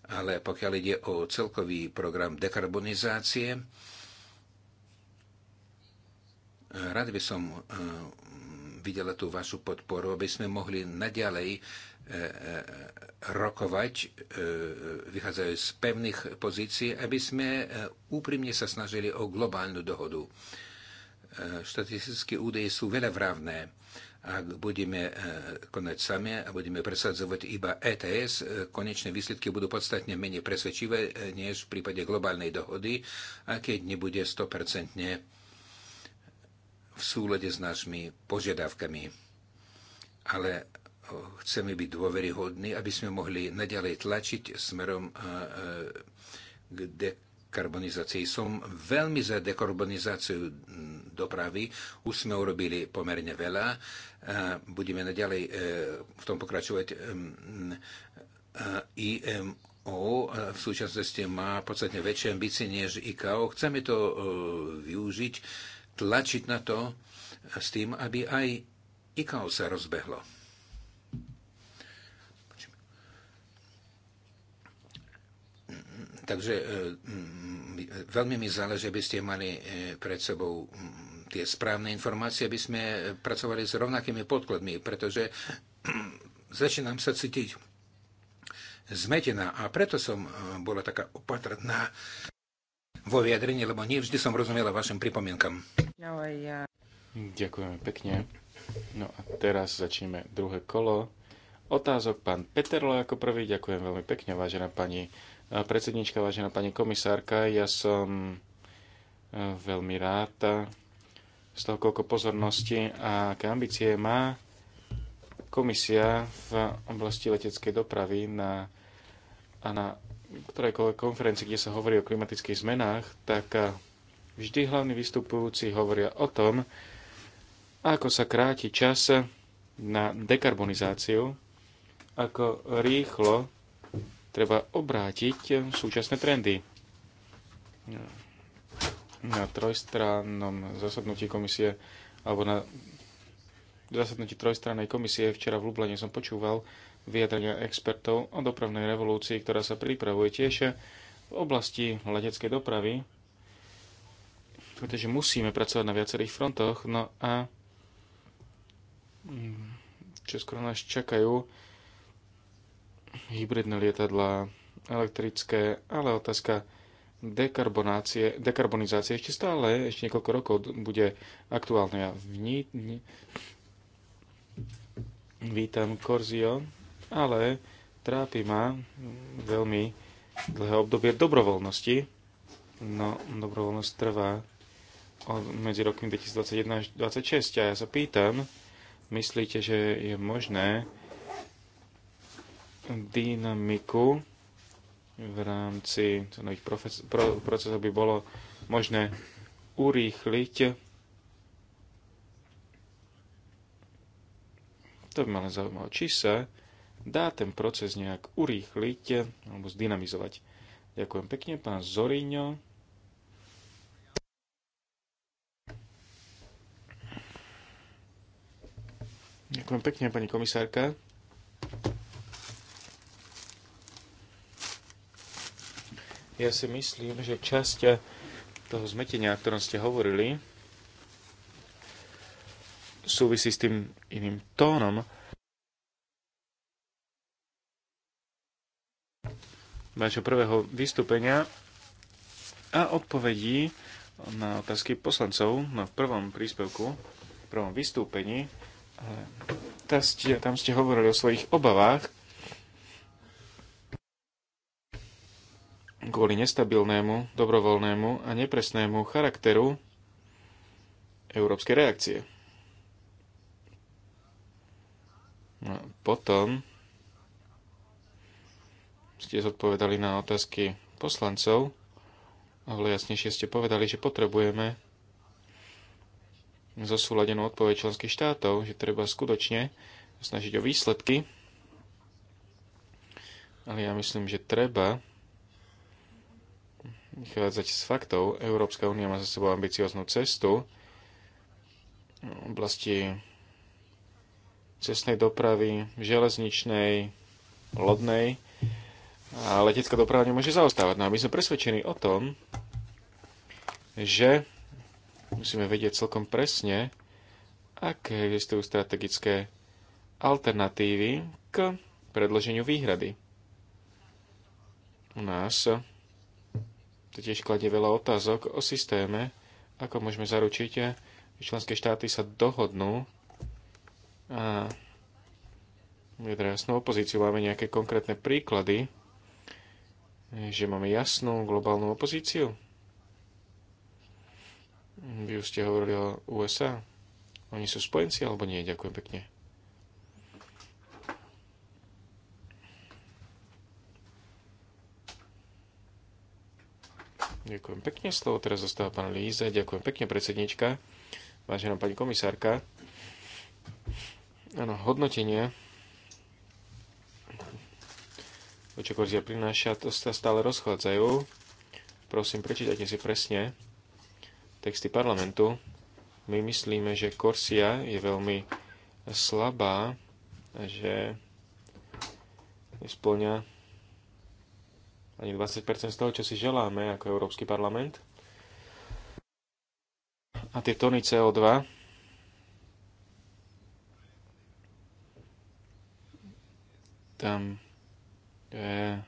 Ale pokiaľ ide o celkový program dekarbonizácie, rád by som e, videla tú vašu podporu, aby sme mohli naďalej E, e, rokovať, e, vychádzajú z pevných pozícií, aby sme úprimne sa snažili o globálnu dohodu. Štatistické údaje sú veľavrávne. Ak budeme konať sami a budeme presadzovať iba ETS, konečné výsledky budú podstatne menej presvedčivé než v prípade globálnej dohody, a keď nebude 100% v súlade s našimi požiadavkami. Ale chceme byť dôveryhodní, aby sme mohli naďalej tlačiť smerom k dekarbonizácii. Som veľmi za dekarbonizáciu dopravy. Už sme urobili pomerne veľa. Budeme naďalej e, v tom pokračovať. E, IMO e, v súčasnosti má podstatne väčšie ambície než IKO. Chceme to využiť, tlačiť na to s tým, aby aj IKO sa rozbehlo. Takže e, veľmi mi záleží, aby ste mali e, pred sebou tie správne informácie, aby sme e, pracovali s rovnakými podkladmi, pretože začínam sa cítiť zmetená a preto som bola taká opatrná vo vyjadrení, lebo nie vždy som rozumela vašim pripomienkam. Ďakujeme pekne. No a teraz začneme druhé kolo. Otázok pán Peterlo ako prvý. Ďakujem veľmi pekne, vážená pani predsednička, vážená pani komisárka. Ja som e, veľmi rád z toho, koľko pozornosti a aké ambície má komisia v oblasti leteckej dopravy na, a na ktorejkoľvek konferencii, kde sa hovorí o klimatických zmenách, tak e, vždy hlavní vystupujúci hovoria o tom, ako sa kráti čas na dekarbonizáciu, ako rýchlo treba obrátiť súčasné trendy. Na trojstrannom zasadnutí komisie, alebo na zasadnutí trojstrannej komisie včera v Lublane som počúval vyjadrenia expertov o dopravnej revolúcii, ktorá sa pripravuje tiež v oblasti leteckej dopravy, pretože musíme pracovať na viacerých frontoch, no a čo skoro nás čakajú hybridné lietadlá, elektrické, ale otázka dekarbonácie, dekarbonizácie ešte stále, ešte niekoľko rokov bude aktuálne. Ja vní, vní, vítam Korzio, ale trápi ma veľmi dlhé obdobie dobrovoľnosti. No, dobrovoľnosť trvá od, medzi rokmi 2021 až 2026 a ja sa pýtam, myslíte, že je možné dynamiku v rámci nových procesov by bolo možné urýchliť. To by ma len zaujímalo, či sa dá ten proces nejak urýchliť alebo zdynamizovať. Ďakujem pekne, pán Zoríňo. Ďakujem pekne, pani komisárka. Ja si myslím, že časť toho zmetenia, o ktorom ste hovorili, súvisí s tým iným tónom. vášho prvého vystúpenia a odpovedí na otázky poslancov na prvom príspevku, v prvom vystúpení. tam ste hovorili o svojich obavách kvôli nestabilnému, dobrovoľnému a nepresnému charakteru európskej reakcie. No, potom ste zodpovedali na otázky poslancov, ale jasnejšie ste povedali, že potrebujeme zosúladenú odpoveď členských štátov, že treba skutočne snažiť o výsledky. Ale ja myslím, že treba vychádzať z faktov. Európska únia má za sebou ambicioznú cestu v oblasti cestnej dopravy, železničnej, lodnej a letecká doprava nemôže zaostávať. No a my sme presvedčení o tom, že musíme vedieť celkom presne, aké existujú strategické alternatívy k predloženiu výhrady. U nás to tiež kladie veľa otázok o systéme, ako môžeme zaručiť, že členské štáty sa dohodnú a teda jasnú opozíciu. Máme nejaké konkrétne príklady, že máme jasnú globálnu opozíciu. Vy už ste hovorili o USA. Oni sú spojenci alebo nie? Ďakujem pekne. Ďakujem pekne. Slovo teraz zostáva pán Líze. Ďakujem pekne, predsednička. Vážená pani komisárka. Áno, hodnotenie Očakorzia prináša, to sa stále rozchádzajú. Prosím, prečítajte si presne texty parlamentu. My myslíme, že Korsia je veľmi slabá a že nesplňa ani 20 z toho, čo si želáme ako Európsky parlament. A tie tony CO2 tam je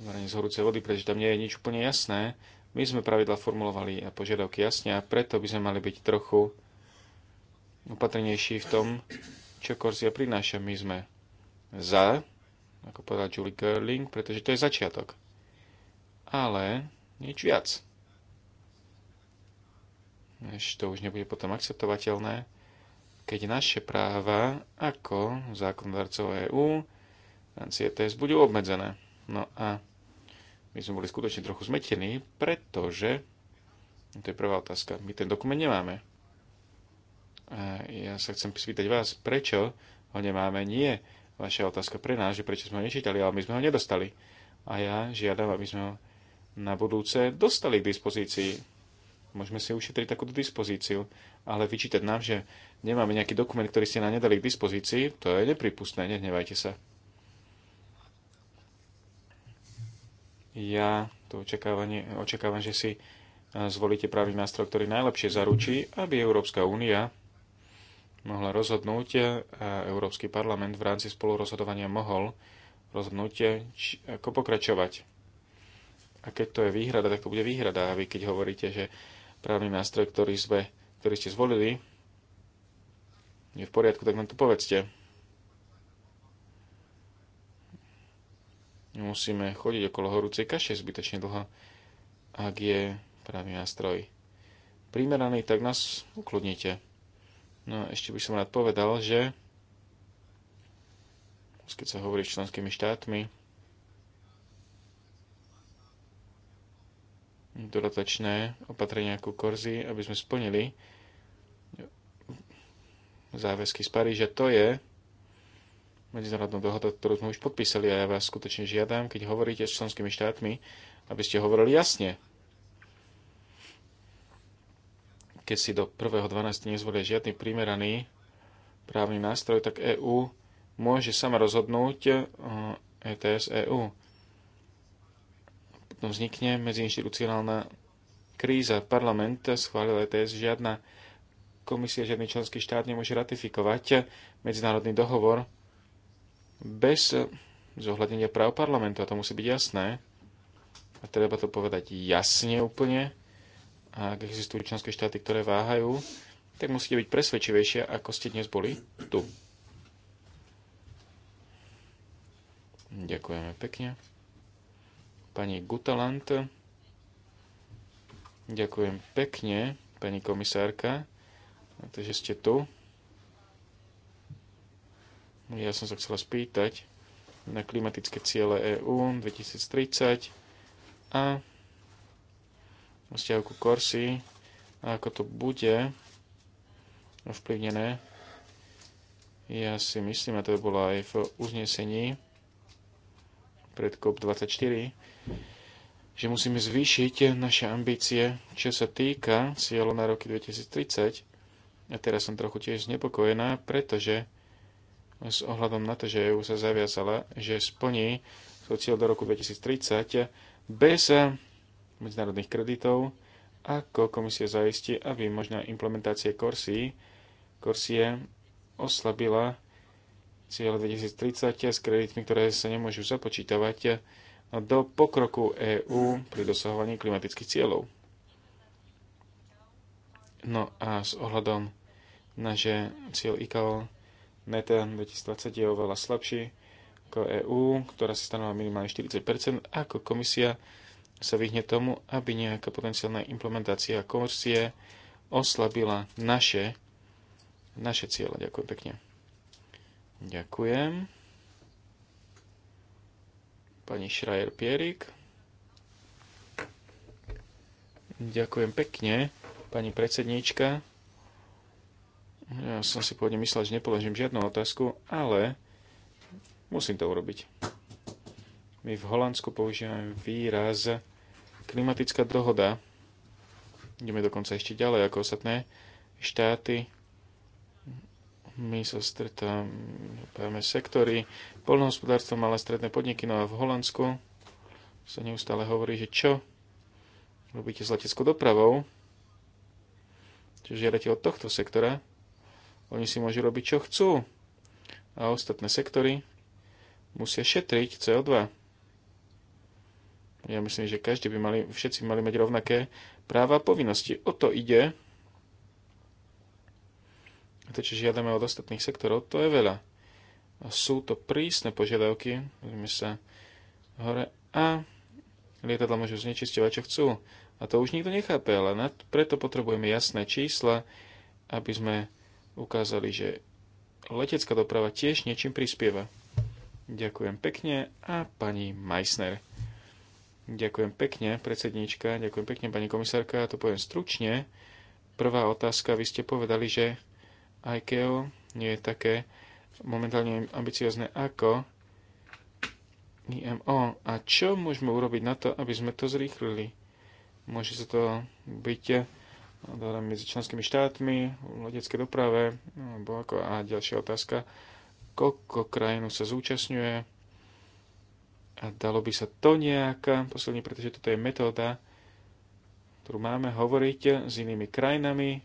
z horúcej vody, pretože tam nie je nič úplne jasné. My sme pravidla formulovali a požiadavky jasne a preto by sme mali byť trochu opatrnejší v tom, čo Korzia prináša. My sme za, ako povedal Julie Gerling, pretože to je začiatok ale nič viac. Než to už nebude potom akceptovateľné, keď naše práva ako zákonodarcov EÚ v e budú obmedzené. No a my sme boli skutočne trochu zmetení, pretože to je prvá otázka. My ten dokument nemáme. A ja sa chcem spýtať vás, prečo ho nemáme? Nie vaša otázka pre nás, že prečo sme ho nečítali, ale my sme ho nedostali. A ja žiadam, aby sme ho na budúce dostali k dispozícii. Môžeme si ušetriť takúto dispozíciu, ale vyčítať nám, že nemáme nejaký dokument, ktorý ste nám nedali k dispozícii, to je nepripustné, nehnevajte sa. Ja to očakávanie, očakávam, že si eh, zvolíte právny nástroj, ktorý najlepšie zaručí, aby Európska únia mohla rozhodnúť eh, a Európsky parlament v rámci spolurozhodovania mohol rozhodnúť, eh, či, ako pokračovať. A keď to je výhrada, tak to bude výhrada. A vy keď hovoríte, že právny nástroj, ktorý, sme, ktorý ste zvolili, je v poriadku, tak nám to povedzte. Musíme chodiť okolo horúcej kaše zbytečne dlho. Ak je právny nástroj primeraný, tak nás ukludnite. No a ešte by som rád povedal, že keď sa hovorí s členskými štátmi, dodatočné opatrenia ku Korzi, aby sme splnili záväzky z Paríža. To je medzinárodná dohoda, ktorú sme už podpísali a ja vás skutočne žiadam, keď hovoríte s členskými štátmi, aby ste hovorili jasne. Keď si do 1.12. nezvolia žiadny primeraný právny nástroj, tak EÚ môže sama rozhodnúť ETS e EÚ potom vznikne medziinštitucionálna kríza. Parlament schválil ETS, žiadna komisia, žiadny členský štát nemôže ratifikovať medzinárodný dohovor bez zohľadnenia práv parlamentu. A to musí byť jasné. A treba to povedať jasne úplne. A ak existujú členské štáty, ktoré váhajú, tak musíte byť presvedčivejšie, ako ste dnes boli tu. Ďakujeme pekne pani Gutalant. Ďakujem pekne, pani komisárka, že ste tu. Ja som sa chcela spýtať na klimatické ciele EÚ 2030 a vzťahu ku Korsi a ako to bude ovplyvnené. Ja si myslím, a to by bolo aj v uznesení pred COP24, že musíme zvýšiť naše ambície, čo sa týka cieľu na roky 2030. A teraz som trochu tiež znepokojená, pretože s ohľadom na to, že EU sa zaviazala, že splní svoj cieľ do roku 2030 bez medzinárodných kreditov, ako komisia zaistí, aby možná implementácia Corsi, Corsie oslabila cieľ 2030 s kreditmi, ktoré sa nemôžu započítavať do pokroku EÚ pri dosahovaní klimatických cieľov. No a s ohľadom na že cieľ ICAO neta 2020 je oveľa slabší ako EÚ, ktorá si stanovila minimálne 40 ako komisia sa vyhne tomu, aby nejaká potenciálna implementácia komercie oslabila naše, naše cieľe. Ďakujem pekne. Ďakujem. Pani Schreier-Pierik. Ďakujem pekne, pani predsedníčka. Ja som si pôvodne myslel, že nepoložím žiadnu otázku, ale musím to urobiť. My v Holandsku používame výraz klimatická dohoda. Ideme dokonca ešte ďalej ako ostatné štáty my sa stretávame sektory, polnohospodárstva, malé stredné podniky, no a v Holandsku sa neustále hovorí, že čo robíte s leteckou dopravou, Čiže žiadate od tohto sektora, oni si môžu robiť, čo chcú. A ostatné sektory musia šetriť CO2. Ja myslím, že každý by mali, všetci mali mať rovnaké práva a povinnosti. O to ide, to, čo žiadame od ostatných sektorov, to je veľa. A sú to prísne požiadavky, pozrieme sa hore, a lietadla môžu znečisťovať, čo chcú. A to už nikto nechápe, ale nad, preto potrebujeme jasné čísla, aby sme ukázali, že letecká doprava tiež niečím prispieva. Ďakujem pekne a pani Meissner. Ďakujem pekne, predsedníčka, ďakujem pekne, pani komisárka, ja to poviem stručne. Prvá otázka, vy ste povedali, že ICAO nie je také momentálne ambiciozne ako IMO. A čo môžeme urobiť na to, aby sme to zrýchlili? Môže sa to byť eh, dohoda medzi členskými štátmi, v doprave, alebo ako a ďalšia otázka, koľko krajinu sa zúčastňuje a dalo by sa to nejaká posledne, pretože toto je metóda, ktorú máme hovoriť s inými krajinami,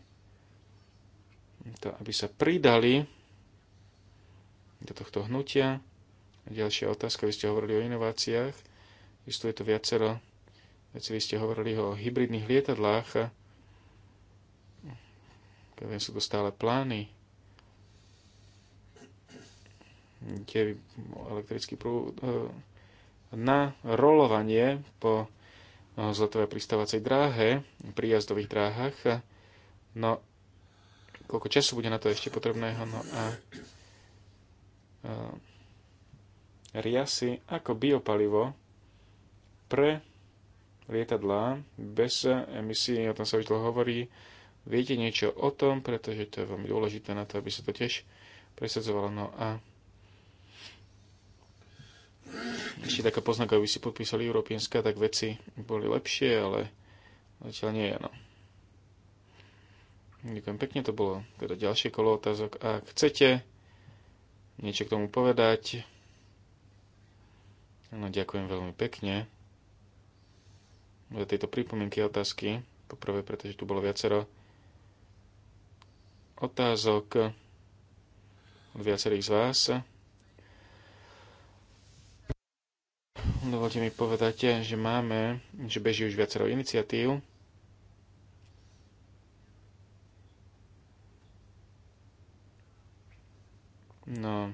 to, aby sa pridali do tohto hnutia. Ďalšia otázka, vy ste hovorili o inováciách, je to viacero veci, vy ste hovorili o hybridných lietadlách, a sú to stále plány, tie elektrický prúd eh, na rolovanie po eh, zlatovej pristávacej dráhe, pri jazdových dráhach. No koľko času bude na to ešte potrebného. No a riasy ako biopalivo pre lietadlá bez emisí, o tom sa už dlho hovorí. Viete niečo o tom, pretože to je veľmi dôležité na to, aby sa to tiež presadzovalo. No a ešte taká poznáka, aby si podpísali Európienska, tak veci boli lepšie, ale zatiaľ nie je. No. Ďakujem pekne, to bolo teda ďalšie kolo otázok. Ak chcete niečo k tomu povedať, no ďakujem veľmi pekne za tieto pripomienky a otázky. Poprvé, pretože tu bolo viacero otázok od viacerých z vás. Dovolte mi povedať, že máme, že beží už viacero iniciatív, No,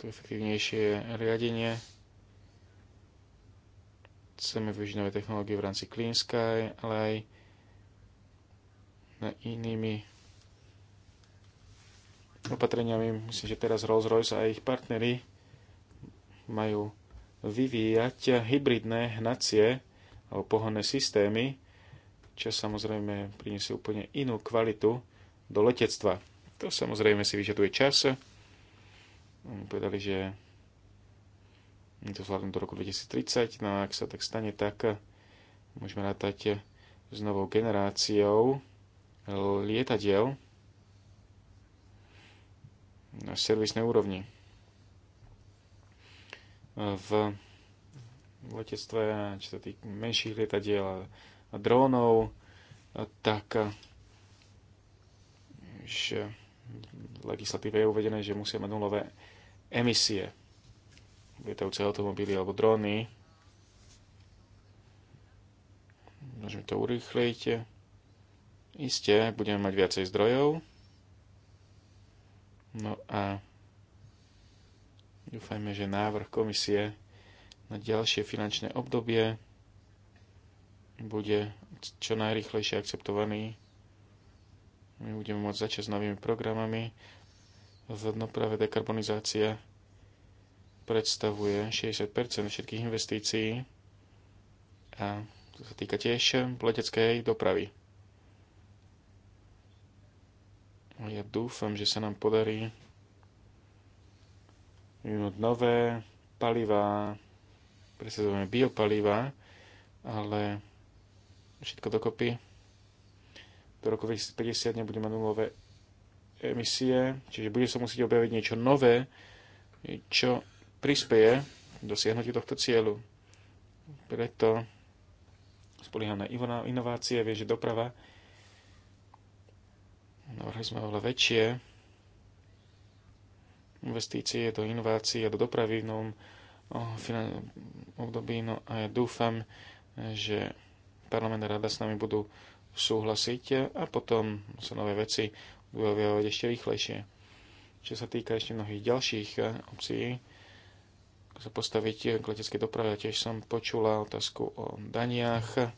to efektívnejšie riadenie. Chceme využiť nové technológie v rámci Clean Sky, ale aj na inými opatreniami. Myslím, že teraz Rolls-Royce a ich partnery majú vyvíjať hybridné hnacie alebo pohonné systémy, čo samozrejme priniesie úplne inú kvalitu do letectva. To samozrejme si vyžaduje čas. Oni povedali, že to zvládnu do roku 2030, no a ak sa tak stane, tak môžeme rátať s novou generáciou lietadiel na servisnej úrovni. V letectve, čo sa týka menších lietadiel a drónov, tak že legislatíve je uvedené, že musia mať nulové emisie lietajúce automobily alebo dróny. Môžeme to urýchliť. Isté, budeme mať viacej zdrojov. No a dúfajme, že návrh komisie na ďalšie finančné obdobie bude čo najrychlejšie akceptovaný my budeme môcť začať s novými programami. Zhodno práve dekarbonizácia predstavuje 60 všetkých investícií a to sa týka tiež leteckej dopravy. Ja dúfam, že sa nám podarí vyvinúť nové palivá, presadzujeme biopalivá, ale všetko dokopy do roku 2050 nebudeme nulové emisie, čiže bude sa musieť objaviť niečo nové, čo prispieje do dosiahnutiu tohto cieľu. Preto spolíham na inovácie, vie, že doprava navrhli sme oveľa väčšie investície do inovácií a do dopravy v novom období. No a ja dúfam, že parlament a rada s nami budú súhlasiť a potom sa nové veci budú objavovať ešte rýchlejšie. Čo sa týka ešte mnohých ďalších eh, obcí ako sa postaviť k leteckej doprave, tiež som počula otázku o daniach,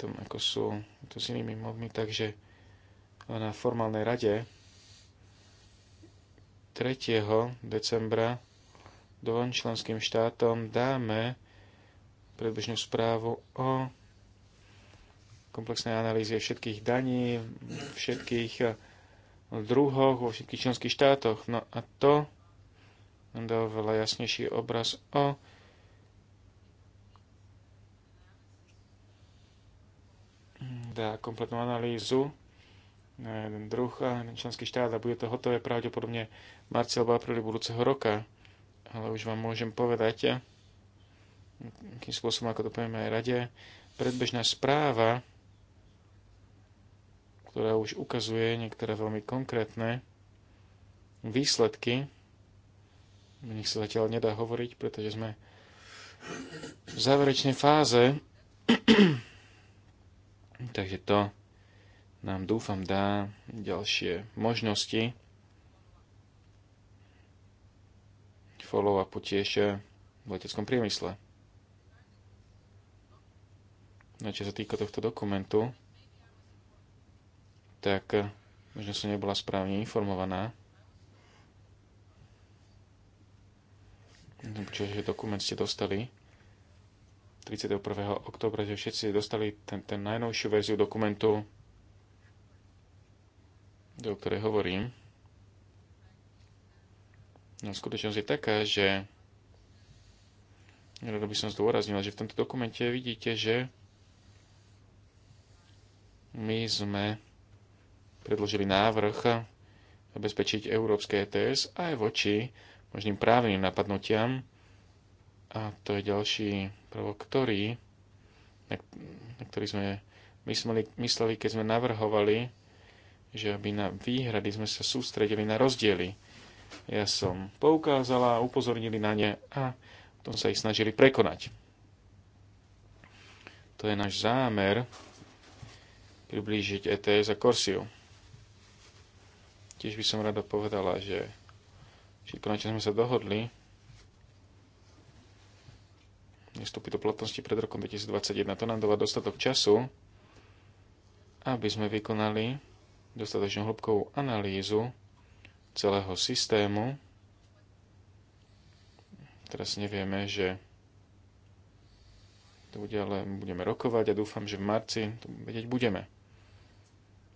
tom ako sú to s inými modmi, takže na formálnej rade 3. decembra dvom členským štátom dáme predbežnú správu o komplexnej analýzy všetkých daní, všetkých eh, druhoch vo všetkých členských štátoch. No a to dá veľa jasnejší obraz o dá kompletnú analýzu na jeden druh a jeden členský štát a bude to hotové pravdepodobne v marci alebo apríli budúceho roka. Ale už vám môžem povedať, eh, akým spôsobom, ako to povieme aj rade, predbežná správa ktorá už ukazuje niektoré veľmi konkrétne výsledky. O nich sa zatiaľ nedá hovoriť, pretože sme v záverečnej fáze. Takže to nám dúfam dá ďalšie možnosti follow a tiež v leteckom priemysle. No, čo sa týka tohto dokumentu, tak eh, možno som nebola správne informovaná. No, Čiže dokument ste dostali 31. oktobra, že všetci dostali ten, ten najnovšiu verziu dokumentu, o ktorej hovorím. No, skutočnosť je taká, že rado by som zdôraznil, že v tomto dokumente vidíte, že my sme predložili návrh zabezpečiť európske ETS aj voči možným právnym napadnutiam. A to je ďalší prvok, ktorý, na, ktorý sme mysleli, mysleli, keď sme navrhovali, že aby na výhrady sme sa sústredili na rozdiely. Ja som poukázala, upozornili na ne a potom sa ich snažili prekonať. To je náš zámer priblížiť ETS a Corsiu. Tiež by som rada povedala, že či konečne sme sa dohodli, nestúpi do platnosti pred rokom 2021. To nám dáva dostatok času, aby sme vykonali dostatočne hĺbkovú analýzu celého systému. Teraz nevieme, že to bude, ale budeme rokovať a dúfam, že v marci to vedieť budeme.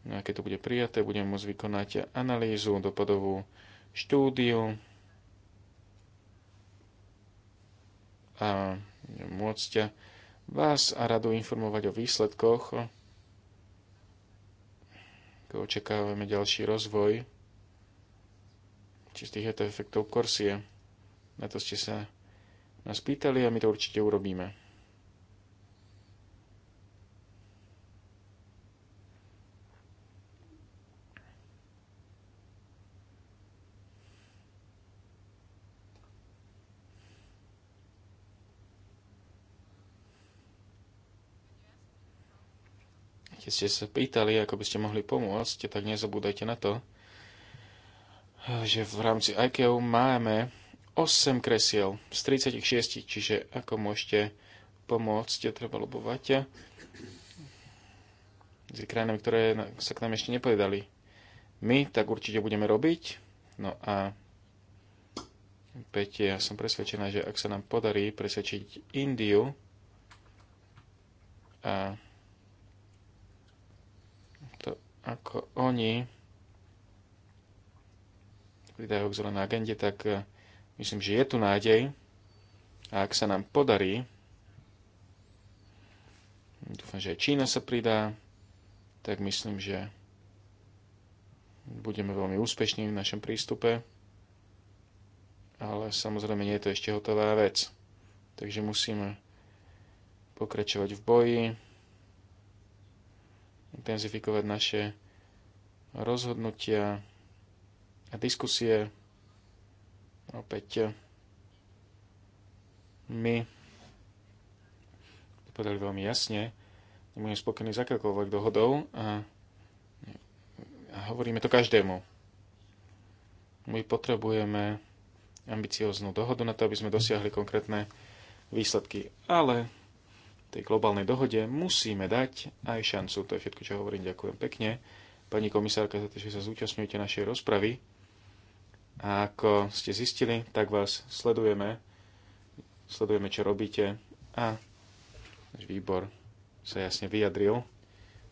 No a keď to bude prijaté, budeme môcť vykonať analýzu, dopadovú štúdiu a môcť vás a radu informovať o výsledkoch. Očakávame ďalší rozvoj čistých efektov Korsie. Na to ste sa nás pýtali a my to určite urobíme. Keď ste sa pýtali, ako by ste mohli pomôcť, tak nezabúdajte na to, že v rámci IKEA máme 8 kresiel z 36, čiže ako môžete pomôcť, treba lobovať s krajinami, ktoré sa k nám ešte nepovedali. My tak určite budeme robiť. No a Peti, ja som presvedčená, že ak sa nám podarí presvedčiť Indiu a ako oni pridajú k zelenej agende, tak eh, myslím, že je tu nádej. A ak sa nám podarí, dúfam, že aj Čína sa pridá, tak myslím, že budeme veľmi úspešní v našom prístupe. Ale samozrejme nie je to ešte hotová vec. Takže musíme pokračovať v boji, intenzifikovať naše rozhodnutia a diskusie. Opäť eh, my povedali veľmi jasne, nebudem spokojný s akákoľvek dohodou a, a hovoríme to každému. My potrebujeme ambicióznu dohodu na to, aby sme dosiahli konkrétne výsledky. Ale tej globálnej dohode musíme dať aj šancu. To je všetko, čo hovorím. Ďakujem pekne. Pani komisárka, za to, že sa zúčastňujete našej rozpravy. A ako ste zistili, tak vás sledujeme. Sledujeme, čo robíte. A náš výbor sa jasne vyjadril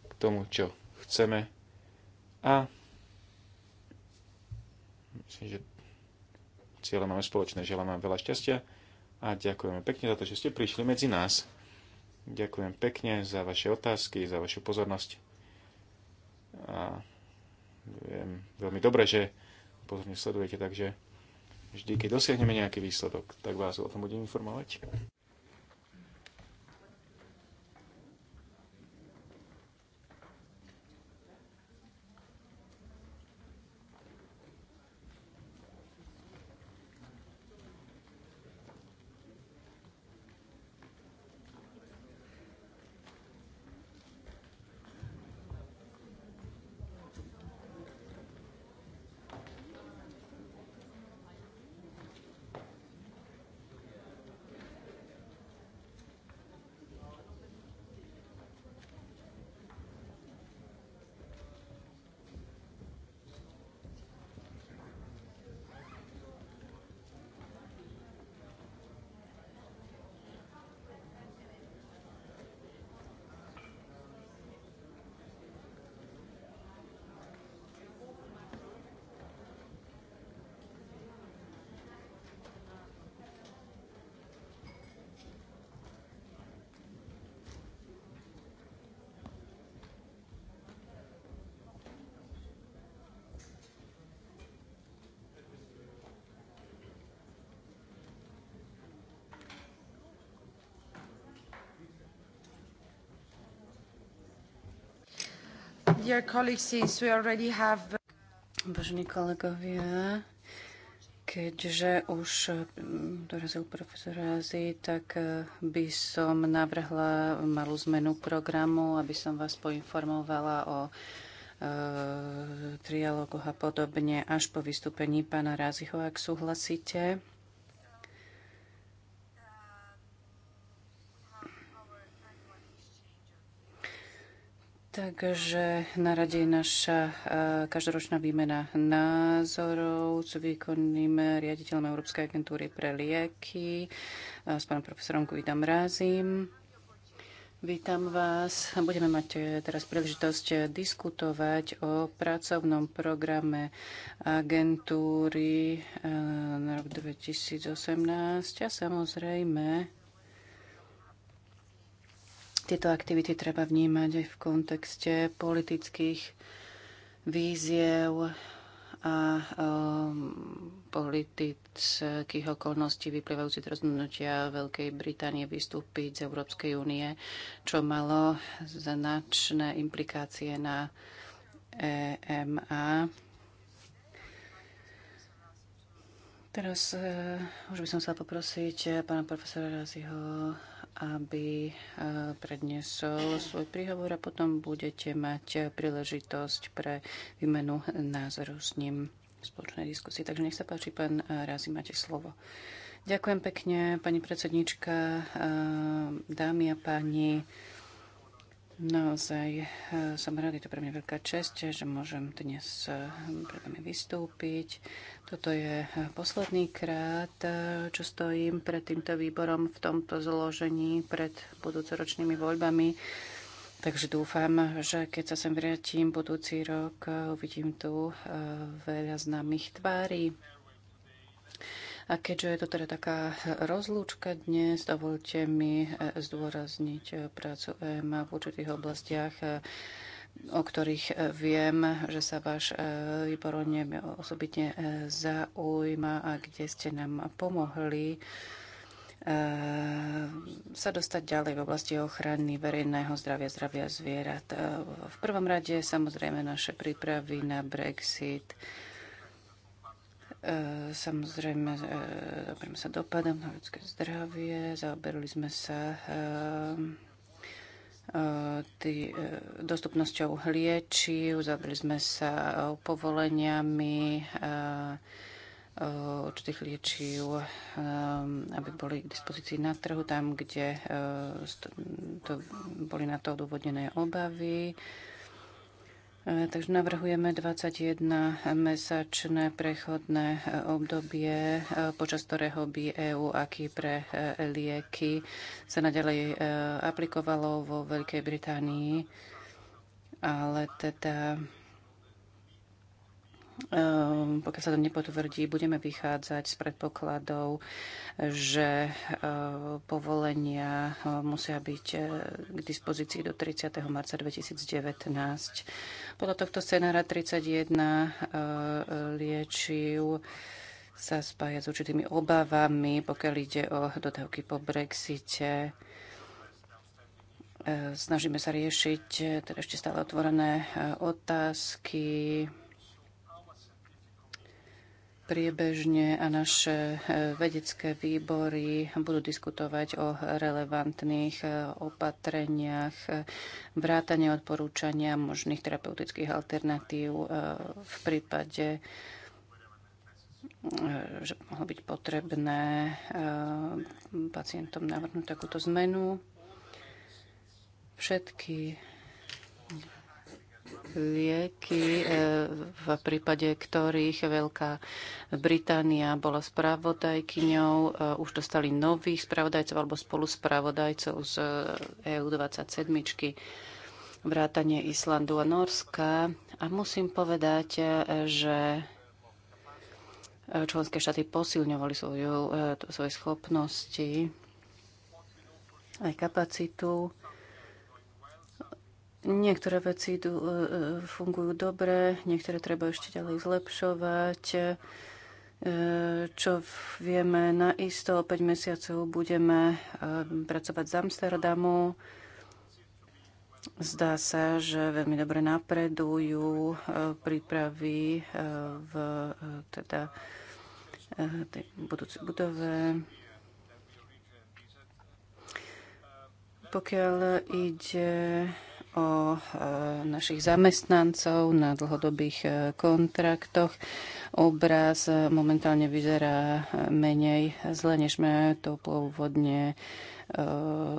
k tomu, čo chceme. A myslím, že cieľe máme spoločné. Želám vám veľa šťastia a ďakujeme pekne za to, že ste prišli medzi nás. Ďakujem pekne za vaše otázky, za vašu pozornosť. A viem veľmi dobre, že pozorne sledujete, takže vždy, keď dosiahneme nejaký výsledok, tak vás o tom budem informovať. dear colleagues, since we already have... Uh, Vážení kolegovia, keďže už mm, dorazil profesor Razi, tak uh, by som navrhla malú zmenu programu, aby som vás poinformovala o e, uh, trialógoch a podobne až po vystúpení pána Raziho, ak súhlasíte. Takže na rade je naša eh, každoročná výmena názorov s výkonným riaditeľom Európskej agentúry pre lieky eh, s pánom profesorom Kvidam Rázim. Vítam vás. Budeme mať eh, teraz príležitosť diskutovať o pracovnom programe agentúry na rok 2018 a samozrejme tieto aktivity treba vnímať aj v kontexte politických víziev a um, politických okolností vyplývajúcich z rozhodnutia Veľkej Británie vystúpiť z Európskej únie, čo malo značné implikácie na EMA. Teraz uh, už by som chcela poprosiť eh, pána profesora Raziho aby e, predniesol svoj príhovor a potom budete mať príležitosť pre výmenu názoru s ním v spoločnej diskusii. Takže nech sa páči, pán Razi, máte slovo. Ďakujem pekne, pani predsednička, e, dámy a páni. Naozaj eh, som rád, je to pre mňa veľká čest, že môžem dnes eh, pred vami vystúpiť. Toto je eh, posledný krát, čo stojím pred týmto výborom v tomto zložení pred budúcoročnými voľbami. Takže dúfam, že keď sa sem vrátim budúci rok, uvidím tu veľa známych tvári. A keďže je to teda taká rozlúčka dnes, dovolte mi e, zdôrazniť e, prácu EMA v určitých oblastiach e, o ktorých viem, že sa váš výbor osobitne zaujíma a kde ste nám pomohli sa dostať ďalej v oblasti ochrany verejného zdravia, zdravia zvierat. V prvom rade samozrejme naše prípravy na Brexit, E, samozrejme, zaoberali e, sa dopadom na ľudské zdravie, zaoberali sme sa e, tý, dostupnosťou liečiv, zaoberali sme sa povoleniami určitých liečiv, aby boli k dispozícii na trhu, tam, kde to, boli na to odôvodnené obavy. E, takže navrhujeme 21 mesačné prechodné obdobie, e, počas ktorého by EU a kypre e, lieky sa nadalej aplikovalo vo Veľkej Británii. Ale teda Ehm, pokiaľ sa to nepotvrdí, budeme vychádzať z predpokladov, že ehm, povolenia ehm, musia byť k dispozícii do 30. marca 2019. Podľa tohto scenára 31 liečiv sa spája s určitými obavami, pokiaľ ide o dodávky po Brexite snažíme sa riešiť teda ešte stále otvorené otázky priebežne a naše e, vedecké výbory budú diskutovať o relevantných e, opatreniach, e, vrátane odporúčania možných terapeutických alternatív v prípade, že mohlo byť potrebné pacientom navrhnúť takúto zmenu. Všetky lieky, e, v prípade ktorých Veľká Británia bola spravodajkyňou, e, už dostali nových spravodajcov alebo spoluspravodajcov z EU27 e vrátanie Islandu a Norska. A musím povedať, že členské štáty posilňovali svoju, svoje schopnosti aj kapacitu. Niektoré veci idú, e, e, fungujú dobre, niektoré treba ešte ďalej zlepšovať. E, čo vieme naisto, o 5 mesiacov budeme pracovať z Amsterdamu. Zdá sa, že veľmi dobre napredujú prípravy v teda, tej budúcej budove. Pokiaľ ide o e, našich zamestnancov na dlhodobých e, kontraktoch. Obraz e, momentálne vyzerá menej zle, než sme to pôvodne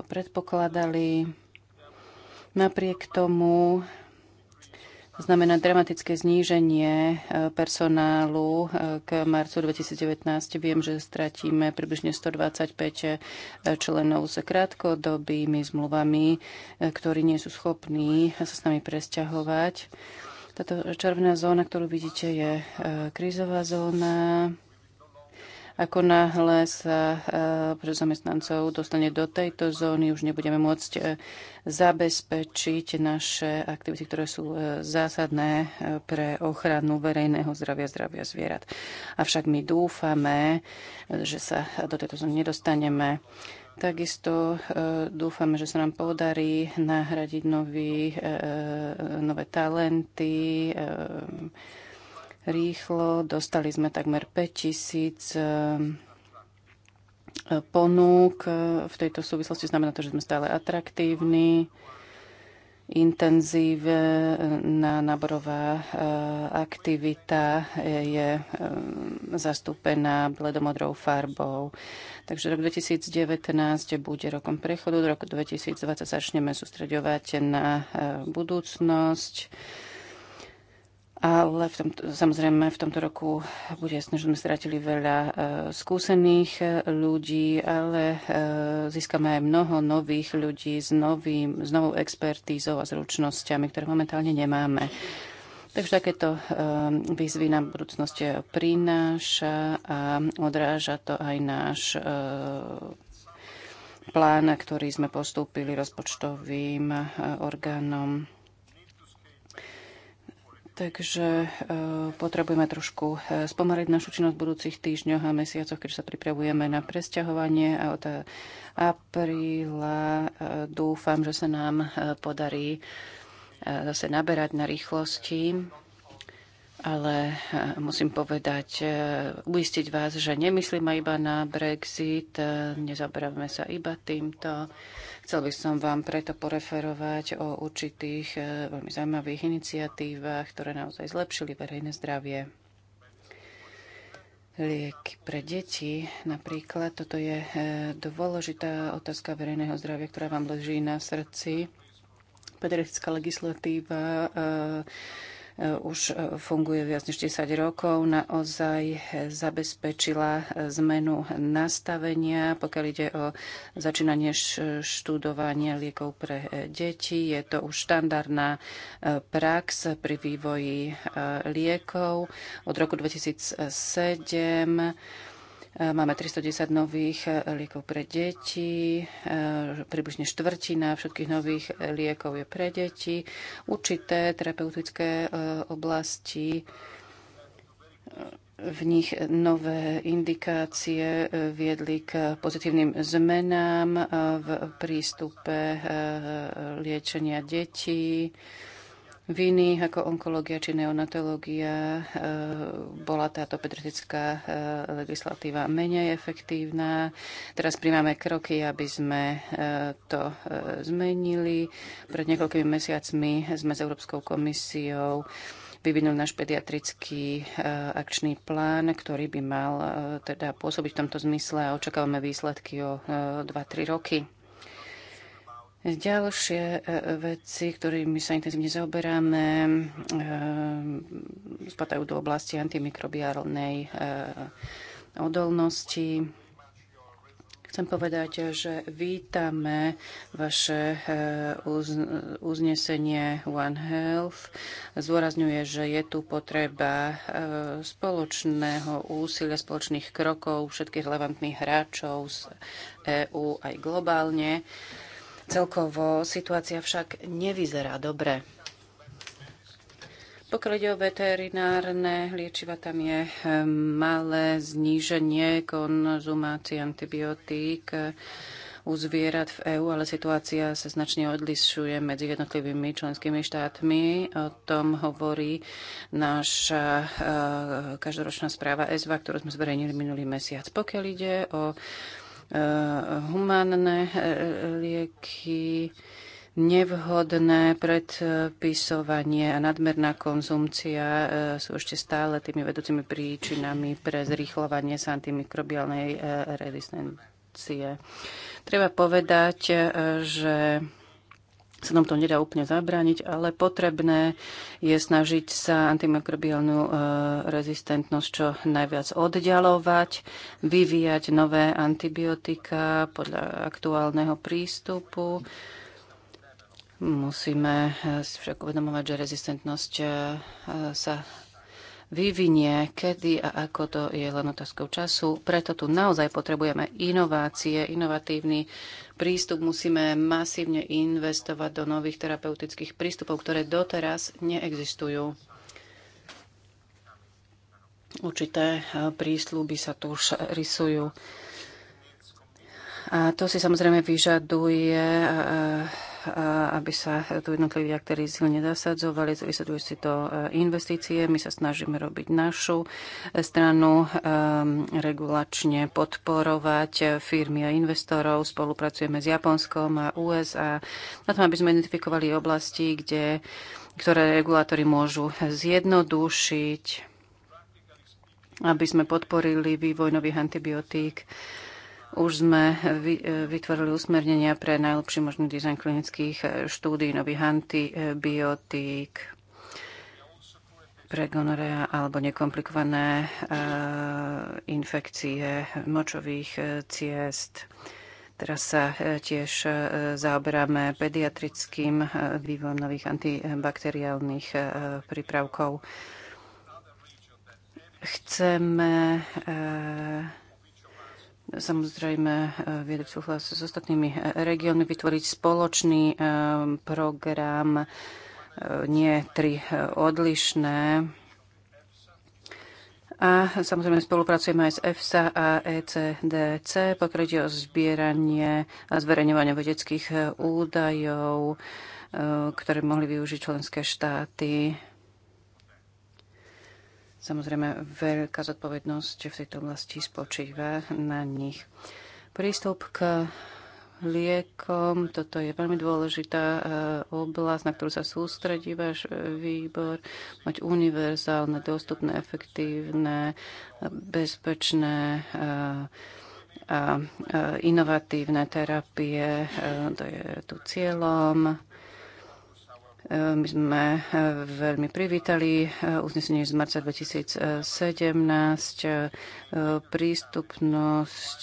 predpokladali. Napriek tomu znamená dramatické zníženie e, personálu e, k marcu 2019. Viem, že stratíme približne 125 e, členov s krátkodobými zmluvami, ktorí nie sú schopní sa s nami presťahovať. Táto červená zóna, ktorú vidíte, je krízová zóna ako náhle sa eh, pre zamestnancov dostane do tejto zóny, už nebudeme môcť eh, zabezpečiť naše aktivity, ktoré sú eh, zásadné pre ochranu verejného zdravia, zdravia zvierat. Avšak my dúfame, že sa do tejto zóny nedostaneme. Takisto dúfame, že sa nám podarí nahradiť nový, nové talenty, rýchlo. Dostali sme takmer 5000 eh, ponúk v tejto súvislosti. Znamená to, že sme stále atraktívni. Intenzívna náborová eh, aktivita eh, je zastúpená bledomodrou farbou. Takže rok 2019 bude rokom prechodu, rok 2020 začneme sústreďovať na budúcnosť ale v tom, samozrejme v tomto roku bude jasné, že sme stratili veľa e, skúsených e, ľudí, ale e, získame aj mnoho nových ľudí s, novým, s novou expertízou a zručnosťami, ktoré momentálne nemáme. Takže takéto e, výzvy nám budúcnosť prináša a odráža to aj náš e, plán, ktorý sme postúpili rozpočtovým orgánom. Takže e, potrebujeme trošku e, spomaliť našu činnosť v budúcich týždňoch a mesiacoch, keď sa pripravujeme na presťahovanie a od apríla e, dúfam, že sa nám podarí zase naberať na rýchlosti ale eh, musím povedať, eh, uistiť vás, že nemyslíme iba na Brexit, eh, nezabrávame sa iba týmto. Chcel by som vám preto poreferovať o určitých veľmi zaujímavých iniciatívach, ktoré naozaj zlepšili verejné zdravie. Lieky pre deti napríklad, toto je dôležitá otázka verejného zdravia, ktorá vám leží na srdci. Pediatrická legislatíva Eh, už eh, funguje viac než 10 rokov, naozaj eh, zabezpečila zmenu nastavenia, pokiaľ ide o začínanie študovania liekov pre deti. Je to už štandardná prax pri vývoji liekov. Od roku 2007 Máme 310 nových eh, liekov pre deti, eh, približne štvrtina všetkých nových eh, liekov je pre deti. Určité terapeutické oblasti v nich nové indikácie viedli k pozitívnym zmenám v prístupe liečenia detí viny ako onkológia či neonatológia e, bola táto pediatrická e, legislatíva menej efektívna. Teraz príjmame kroky, aby sme e, to zmenili. Pred niekoľkými mesiacmi sme s Európskou komisiou vyvinul náš pediatrický akčný plán, ktorý by mal teda pôsobiť v tomto zmysle a očakávame výsledky o 2-3 roky. Ďalšie e, e, veci, ktorými sa intenzívne zaoberáme, e, spadajú do oblasti antimikrobiálnej odolnosti. Chcem povedať, že vítame vaše uznesenie One Health. Zdôrazňuje, že je tu potreba spoločného úsilia, spoločných krokov všetkých relevantných hráčov z EÚ aj globálne Celkovo situácia však nevyzerá dobre. Pokiaľ ide o veterinárne liečiva, tam je eh, malé zníženie konzumácie antibiotík eh, u zvierat v EÚ, ale situácia sa značne odlišuje medzi jednotlivými členskými štátmi. O tom hovorí naša eh, každoročná správa ESVA, ktorú sme zverejnili minulý mesiac. Pokiaľ ide o Eh, humánne eh, lieky, nevhodné predpisovanie a nadmerná konzumcia eh, sú ešte stále tými vedúcimi príčinami pre zrýchľovanie sa antimikrobiálnej rezistencie. Treba povedať, že sa nám to nedá úplne zabrániť, ale potrebné je snažiť sa antimikrobiálnu e, rezistentnosť čo najviac oddialovať, vyvíjať nové antibiotika podľa aktuálneho prístupu. Musíme e, si však uvedomovať, že rezistentnosť e, sa vyvinie, kedy a ako to je len otázkou času. Preto tu naozaj potrebujeme inovácie, inovatívny prístup. Musíme masívne investovať do nových terapeutických prístupov, ktoré doteraz neexistujú. Určité e, prísľuby sa tu už rysujú. A to si samozrejme vyžaduje e, aby sa tu jednotliví aktéry silne zasadzovali, vysadujú si to e, investície. My sa snažíme robiť našu e, stranu, e, regulačne podporovať firmy a investorov. Spolupracujeme s Japonskom a USA na tom, aby sme identifikovali oblasti, kde, ktoré regulátory môžu zjednodušiť, aby sme podporili vývoj nových antibiotík už sme e, vytvorili usmernenia pre najlepší možný dizajn klinických e, štúdí nových antibiotík pre gonorea alebo nekomplikované e, infekcie močových ciest. Teraz sa tiež zaoberáme pediatrickým vývojom nových antibakteriálnych prípravkov. Chceme samozrejme e, viedok súhlas s ostatnými e, regiónmi, vytvoriť spoločný e, program, nie tri odlišné. A samozrejme spolupracujeme aj s EFSA a ECDC, pokiaľ o zbieranie a zverejňovanie vedeckých údajov, ktoré mohli využiť členské štáty. Samozrejme, veľká zodpovednosť v tejto oblasti spočíva na nich. Prístup k liekom, toto je veľmi dôležitá e, oblasť, na ktorú sa sústredí váš e, výbor, mať univerzálne, dostupné, efektívne, bezpečné e, a inovatívne terapie, to je tu cieľom. Ehm, my sme eh, veľmi privítali eh, uznesenie z marca 2017, eh, prístupnosť,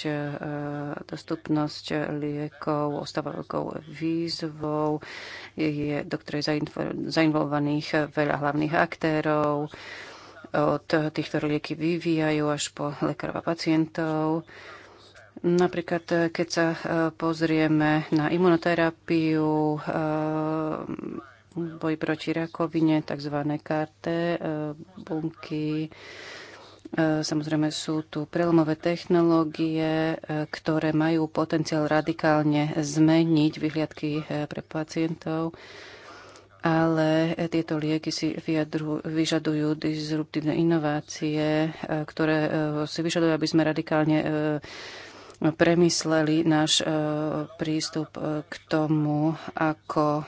dostupnosť liekov, ostáva veľkou výzvou, je, do ktorej zainvolovaných veľa hlavných aktérov, od tých, ktorí lieky vyvíjajú, až po lekárov a pacientov. Napríklad, keď sa pozrieme na imunoterapiu, ehm, boj proti rakovine, tzv. karté, e, bunky. E, samozrejme sú tu prelomové technológie, e, ktoré majú potenciál radikálne zmeniť vyhliadky pre pacientov, ale tieto lieky si vyjadru, vyžadujú disruptívne inovácie, ktoré si vyžadujú, aby sme radikálne premysleli náš prístup k tomu, ako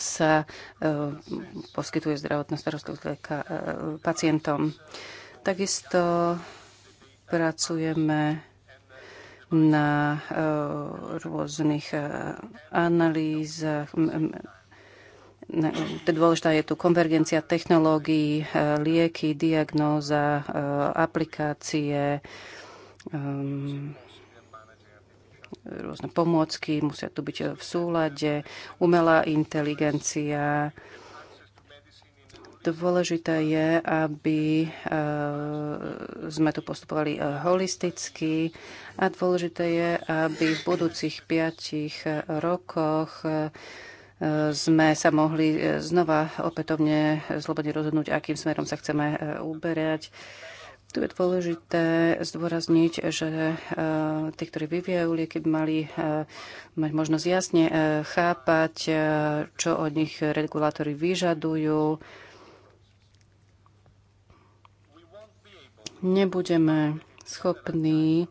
sa e, poskytuje zdravotná starostlivosť e, pacientom. Takisto pracujeme na e, rôznych analýzach. Dôležitá je tu konvergencia technológií, lieky, diagnóza, aplikácie, rôzne pomôcky, musia tu byť v súlade, umelá inteligencia. Dôležité je, aby eh, sme tu postupovali eh, holisticky a dôležité je, aby v budúcich piatich eh, rokoch sme sa mohli znova opätovne slobodne rozhodnúť, akým smerom sa chceme uberať. Tu je dôležité zdôrazniť, že e, tí, ktorí vyvíjajú lieky, by mali e, mať možnosť jasne e, chápať, čo od nich regulátory vyžadujú. Nebudeme schopní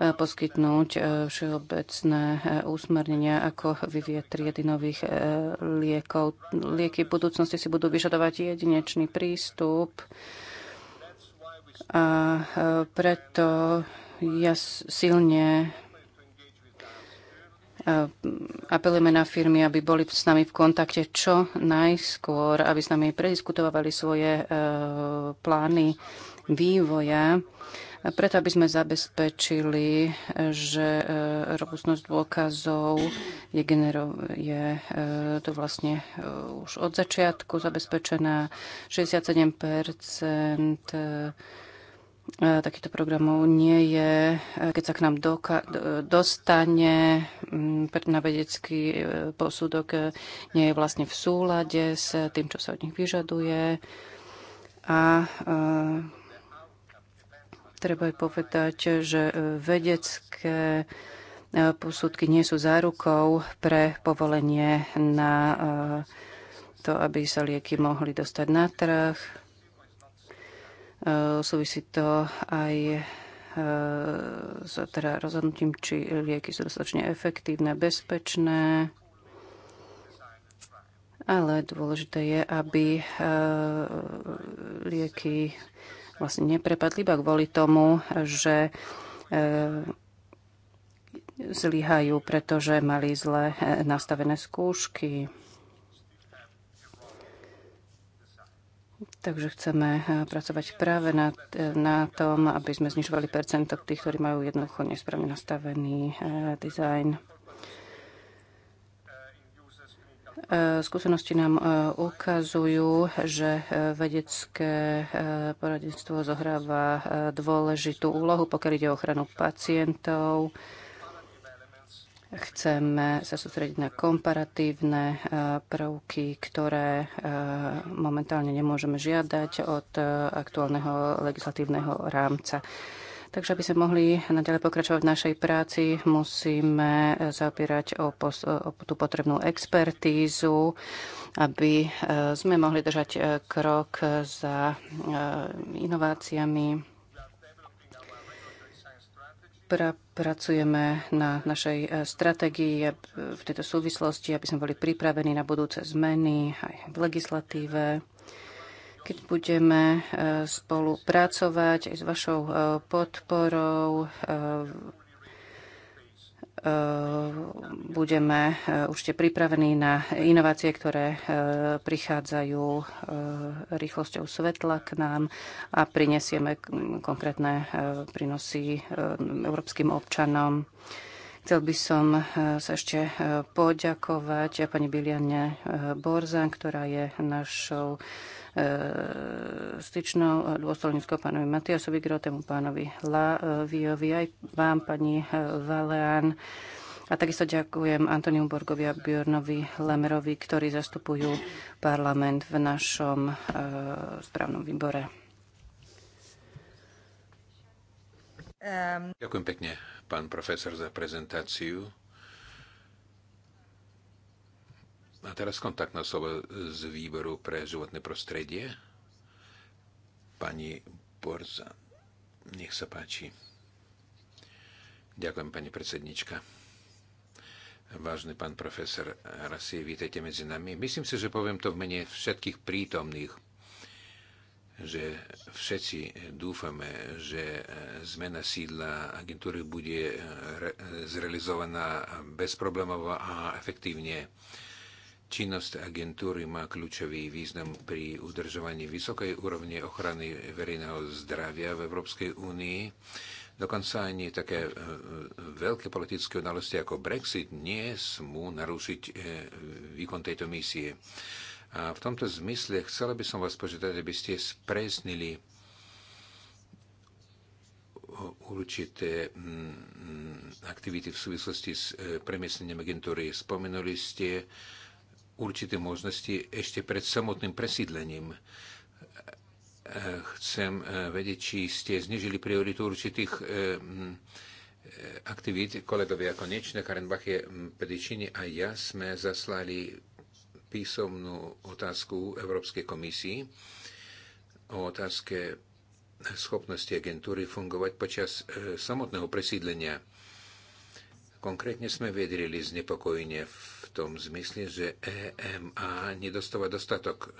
poskytnúť všeobecné úsmernenia, ako vyvieť triedy nových liekov. Lieky v budúcnosti si budú vyžadovať jedinečný prístup a e, preto ja silne e, apelujeme na firmy, aby boli s nami v kontakte čo najskôr, aby s nami prediskutovali svoje e, plány vývoja, preto aby sme zabezpečili, že robustnosť dôkazov je, je to vlastne už od začiatku zabezpečená 67 E, takýchto programov nie je, e, keď sa k nám doka- dostane na vedecký e, posudok, nie je vlastne v súlade s tým, čo sa od nich vyžaduje. A treba aj povedať, že vedecké posudky nie sú zárukou pre povolenie na to, aby sa lieky mohli dostať na trh Eh, súvisí to aj eh, s teda rozhodnutím, či lieky sú dostatočne efektívne, bezpečné. Ale dôležité je, aby eh, lieky vlastne neprepadli iba kvôli tomu, že zlyhajú, pretože mali zle nastavené skúšky. Takže chceme eh, pracovať práve na, eh, na tom, aby sme znižovali percento tých, ktorí majú jednoducho nesprávne nastavený eh, dizajn. Skúsenosti nám ukazujú, že vedecké poradenstvo zohráva dôležitú úlohu, pokiaľ ide o ochranu pacientov Chceme sa sústrediť na komparatívne eh, prvky, ktoré eh, momentálne nemôžeme žiadať od eh, aktuálneho legislatívneho rámca. Takže aby sme mohli naďalej pokračovať v našej práci, musíme zaopierať o, pos- o tú potrebnú expertízu, aby sme mohli držať krok za inováciami. Pra- Pracujeme na našej e, stratégii e, v tejto súvislosti, aby sme boli pripravení na budúce zmeny aj v legislatíve. Keď budeme e, spolupracovať aj s vašou podporou, Eh, budeme eh, určite pripravení na inovácie, ktoré eh, prichádzajú rýchlosťou svetla k nám a prinesieme konkrétne prínosy európskym občanom. Chcel by som sa ešte poďakovať pani Biliane Borzan, ktorá je našou E, styčnou dôstojníckou pánovi Matiasovi Grotemu, pánovi Laviovi, aj vám, pani e, Valeán. A takisto ďakujem Antoniu Borgovi a Bjornovi Lemerovi, ktorí zastupujú parlament v našom e, správnom výbore. Um. Ďakujem pekne, pán profesor, za prezentáciu. A teraz kontaktná osoba z výboru pre životné prostredie, pani Borza. Nech sa páči. Ďakujem, pani predsednička. Vážny pán profesor Rasi, vítejte medzi nami. Myslím si, že poviem to v mene všetkých prítomných, že všetci dúfame, že zmena sídla agentúry bude zrealizovaná bezproblémovo a efektívne. Činnosť agentúry má kľúčový význam pri udržovaní vysokej úrovne ochrany verejného zdravia v Európskej únii. Dokonca ani také e, veľké politické udalosti ako Brexit nie smú narušiť e, výkon tejto misie. A v tomto zmysle chcela by som vás požiadať, aby ste spresnili určité mm, aktivity v súvislosti s e, premiesnením agentúry. Spomenuli ste určité možnosti ešte pred samotným presídlením. Chcem eh, vedieť, či ste znižili prioritu určitých eh, eh, aktivít. Kolegovia Konečné, Karen Bach je Pedičiny a ja sme zaslali písomnú otázku Európskej komisii o otázke schopnosti agentúry fungovať počas samotného presídlenia. Konkrétne sme vedrili znepokojenie v tom zmysle, že EMA nedostáva dostatok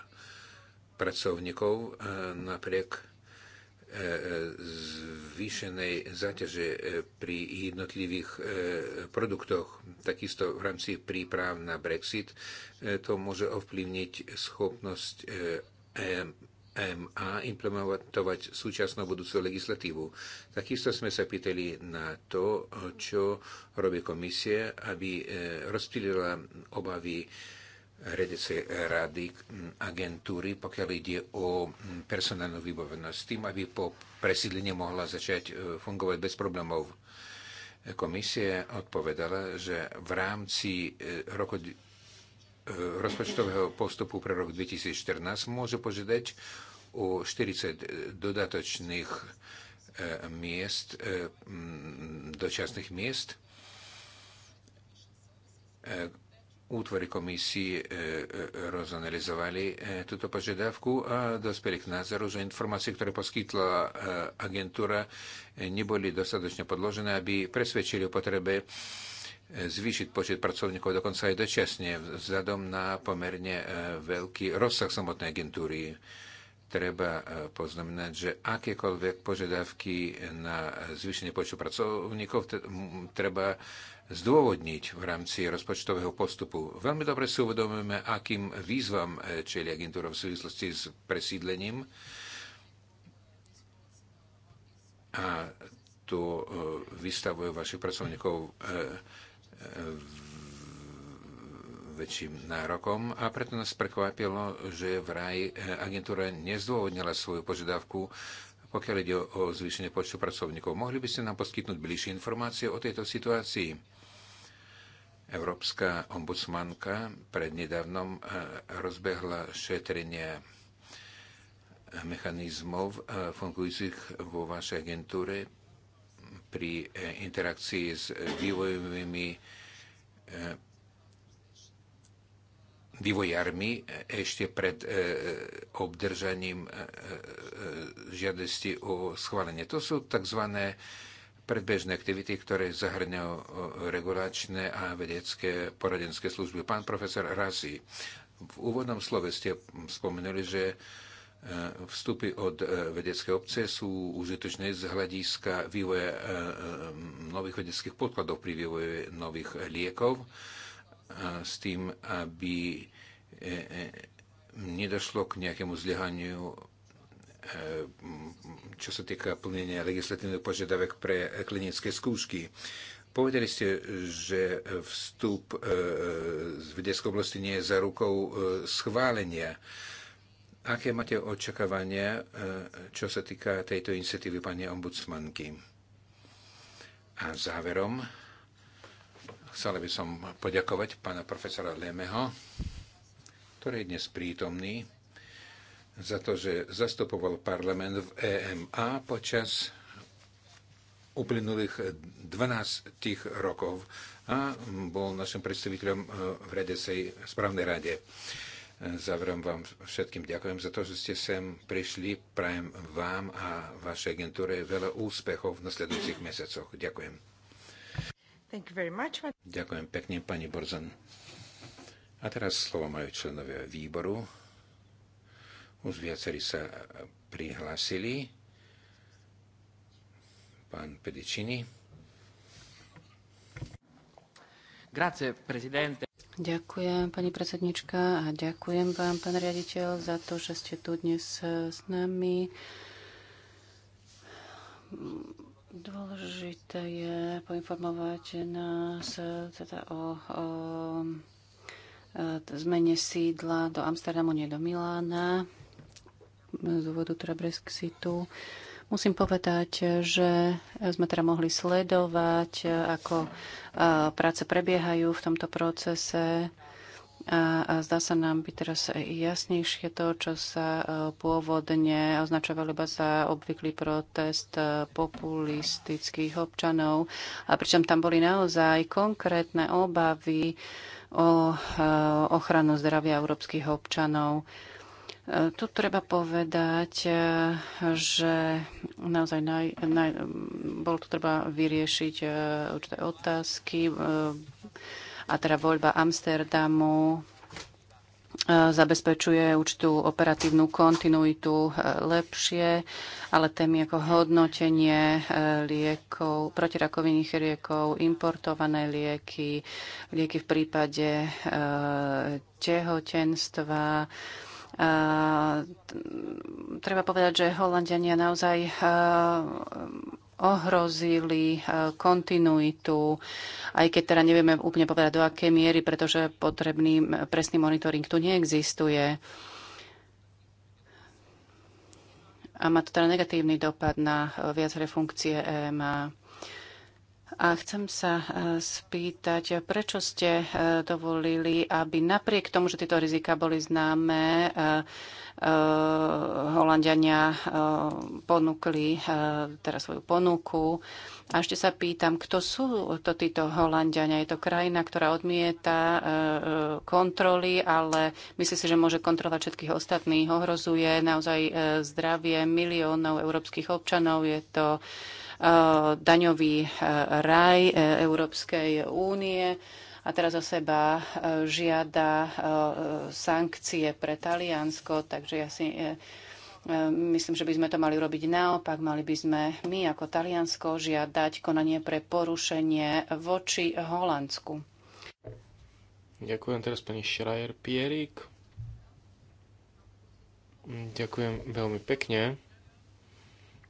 pracovníkov e, napriek e, zvýšenej záťaže e, pri jednotlivých produktoch, takisto v rámci príprav na Brexit, to môže ovplyvniť schopnosť EMA implementovať súčasnú budúcu legislatívu. Takisto sme sa pýtali na to, čo robí komisie, aby e, rozptýlila obavy redice rady agentúry, pokiaľ ide o personálnu vybavenosť, tým, aby po presídlení mohla začať e, fungovať bez problémov. Komisie odpovedala, že v rámci e, roku rozpočtového postupu pre rok 2014 môže požiadať o 40 dodatočných e, miest, e, dočasných miest. E, útvory komisii rozanalizovali túto požiadavku a dospeli k názoru, že informácie, ktoré poskytla agentúra, neboli dostatočne podložené, aby presvedčili o potrebe zvýšiť počet pracovníkov dokonca aj dočasne vzhľadom na pomerne veľký rozsah samotnej agentúry treba e, poznamenať, že akékoľvek požiadavky na zvýšenie počtu pracovníkov treba zdôvodniť v rámci rozpočtového postupu. Veľmi dobre si uvedomujeme, akým výzvam e, čeli agentúra v súvislosti s presídlením. A to e, vystavuje vašich pracovníkov väčším nárokom a preto nás prekvapilo, že vraj e, agentúra nezdôvodnila svoju požiadavku pokiaľ ide o zvýšenie počtu pracovníkov. Mohli by ste nám poskytnúť bližšie informácie o tejto situácii? Európska ombudsmanka prednedávnom e, rozbehla šetrenie e, mechanizmov fungujúcich vo vašej agentúre pri interakcii s vývojovými vývojármi e, ešte pred e, e obdržaním e, e, e, žiadosti o schválenie. To sú tzv. predbežné aktivity, ktoré zahrňajú regulačné a vedecké poradenské služby. Pán profesor Razi, v úvodnom slove ste spomenuli, že vstupy od vedeckej obce sú užitočné z hľadiska vývoja nových vedeckých podkladov pri vývoji nových liekov s tým, aby e, e, nedošlo k nejakému zlyhaniu, e, čo sa týka plnenia legislatívnych požiadavek pre klinické skúšky. Povedali ste, že vstup z vedeckej oblasti nie je za rukou schválenia. Aké máte očakávania, čo sa týka tejto iniciatívy pani ombudsmanky? A záverom, chcel by som poďakovať pána profesora Lemeho, ktorý je dnes prítomný, za to, že zastupoval parlament v EMA počas uplynulých 12 rokov a bol našim predstaviteľom e, v rade sej správnej rade. Záverom vám všetkým ďakujem za to, že ste sem prišli. Prajem vám a vašej agentúre veľa úspechov v nasledujúcich mesiacoch. Ďakujem. Ďakujem pekne, pani Borzan. A teraz slovo majú členovia výboru. Už viacerí sa prihlasili. Pán Pedicini. Grazie, prezidente. Ďakujem, pani predsednička, a ďakujem vám, pán riaditeľ, za to, že ste tu dnes eh, s nami Dôležité je poinformovať nás teda o, o e, zmene sídla do Amsterdamu, nie do Milána z dôvodu teda Brexitu. Musím povedať, že sme teda mohli sledovať, ako e, práce prebiehajú v tomto procese. A zdá sa nám byť teraz jasnejšie to, čo sa e, pôvodne označovalo iba za obvyklý protest e, populistických občanov. A pričom tam boli naozaj konkrétne obavy o e, ochranu zdravia európskych občanov. Tu treba povedať, že naozaj naj, naj, bolo tu treba vyriešiť určité otázky a teda voľba Amsterdamu e, zabezpečuje určitú operatívnu kontinuitu e, lepšie, ale témy ako hodnotenie e, liekov, protirakovinných liekov, importované lieky, lieky v prípade tehotenstva, treba povedať, že Holandiania naozaj ohrozili eh, kontinuitu, aj keď teda nevieme úplne povedať, do akej miery, pretože potrebný presný monitoring tu neexistuje. A má to teda negatívny dopad na eh, viaceré funkcie EMA. A chcem sa e, spýtať, prečo ste e, dovolili, aby napriek tomu, že tieto rizika boli známe, e, Holandiania ponúkli teraz svoju ponuku. A ešte sa pýtam, kto sú to títo Holandiania? Je to krajina, ktorá odmieta kontroly, ale myslí si, že môže kontrolovať všetkých ostatných. Ohrozuje naozaj zdravie miliónov európskych občanov. Je to Eh, daňový eh, raj eh, Európskej únie a teraz o seba žiada sankcie pre Taliansko, takže ja si myslím, že by sme to mali robiť naopak. Mali by sme my ako Taliansko žiadať konanie pre porušenie voči Holandsku. Ďakujem teraz pani Schreier-Pierik. Ďakujem veľmi pekne.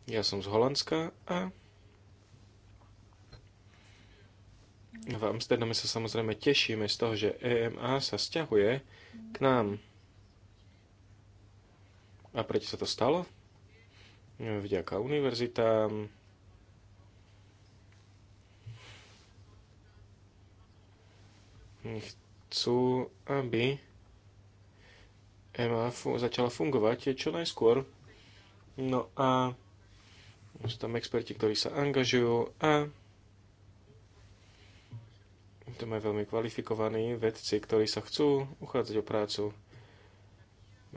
Ja som z Holandska a v Amsterdame sa samozrejme tešíme z toho, že EMA sa stiahuje k nám. A prečo sa to stalo? Vďaka univerzitám. Chcú, aby EMA začala fungovať čo najskôr. No a sú tam experti, ktorí sa angažujú a tam aj veľmi kvalifikovaní vedci, ktorí sa chcú uchádzať o prácu.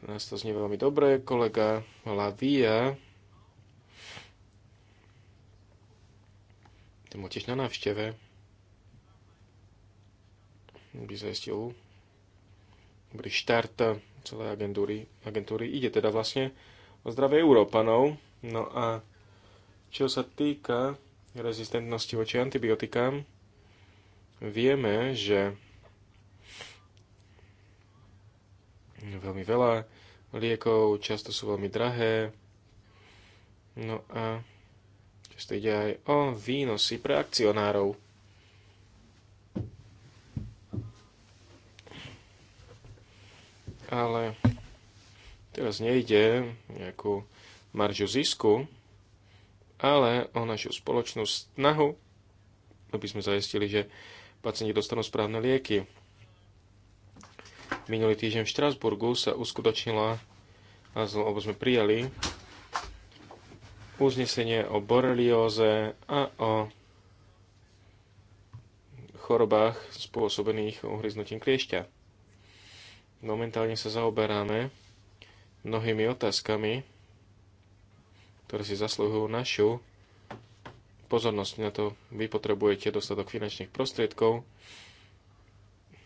Nás to znie veľmi dobre. Kolega Lavia tomu tiež na návšteve by zaistil dobrý štart celej agentúry. agentúry. Ide teda vlastne o zdravie Európanov. No a čo sa týka rezistentnosti voči antibiotikám, vieme, že veľmi veľa liekov, často sú veľmi drahé. No a často ide aj o výnosy pre akcionárov. Ale teraz nejde nejakú maržu zisku, ale o našu spoločnú snahu, aby sme zajistili, že pacienti dostanú správne lieky. Minulý týždeň v Štrasburgu sa uskutočnila, alebo sme prijali uznesenie o borelióze a o chorobách spôsobených uhryznutím kliešťa. Momentálne sa zaoberáme mnohými otázkami, ktoré si zaslúhujú našu pozornosť. Na to vy potrebujete dostatok finančných prostriedkov.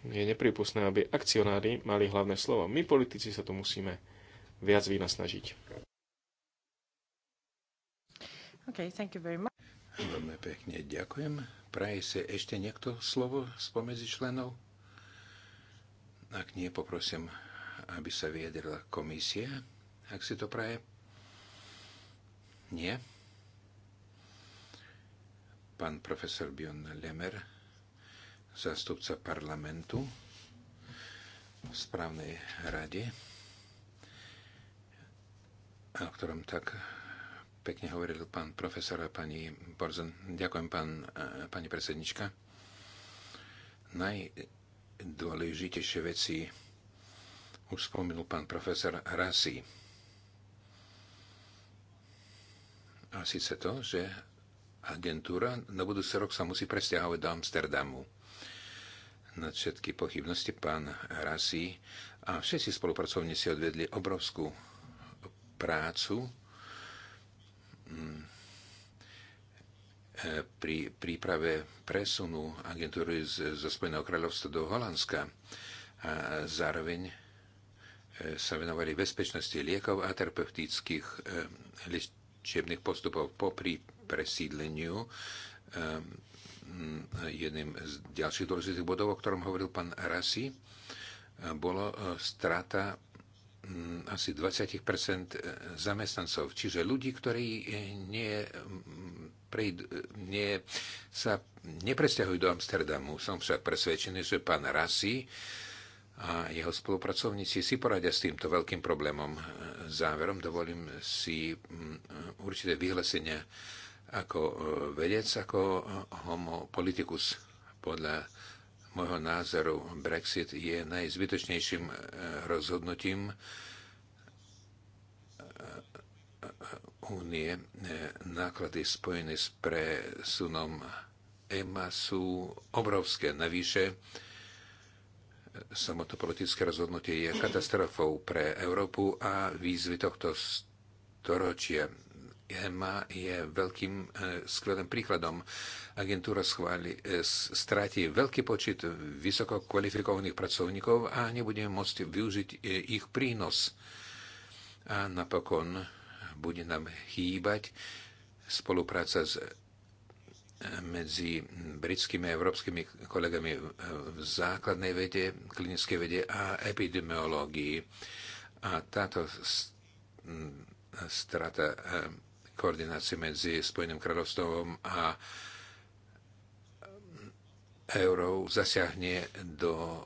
Je nepripustné, aby akcionári mali hlavné slovo. My, politici, sa tu musíme viac vynasnažiť. Okay, thank you very much. Veľmi pekne ďakujem. Praje sa ešte niekto slovo spomedzi členov? Ak nie, poprosím, aby sa vyjadrila komisia, ak si to praje. Nie. Pán profesor Bion Lemer, zástupca parlamentu v správnej rade, o ktorom tak pekne hovoril pán profesor a pani Borzen. Ďakujem, pán, pani predsednička. Najdôležitejšie veci už spomenul pán profesor Rasi A síce to, že agentúra na budúci rok sa musí presťahovať do Amsterdamu. Na všetky pochybnosti pán Rasi a všetci spolupracovníci odvedli obrovskú prácu mm, e, pri príprave presunu agentúry zo Spojeného kráľovstva do Holandska a zároveň e, sa venovali bezpečnosti liekov a terapeutických e, liečebných postupov popri presídleniu ehm, jedným z ďalších dôležitých bodov, o ktorom hovoril pán Rasi, e, bolo e, strata mm, asi 20 e, zamestnancov, čiže ľudí, ktorí nie, mm, prejdu, nie, sa nepresťahujú do Amsterdamu. Som však presvedčený, že pán Rasi a jeho spolupracovníci si poradia s týmto veľkým problémom. Záverom dovolím si mm, určité vyhlesenia ako e, vedec, ako e, homo politicus. Podľa môjho názoru Brexit je najzbytočnejším e, rozhodnutím únie. Náklady spojené s presunom EMA sú obrovské. Navíše, samotné politické rozhodnutie je katastrofou pre Európu a výzvy tohto storočia. EMA je veľkým eh, skvelým príkladom. Agentúra schváli, eh, stráti veľký počet vysoko kvalifikovaných pracovníkov a nebudeme môcť využiť eh, ich prínos. A napokon bude nám chýbať spolupráca s medzi britskými a európskymi kolegami v základnej vede, klinickej vede a epidemiológii. A táto strata e, koordinácie medzi Spojeným kráľovstvom a Eurou zasiahne do e,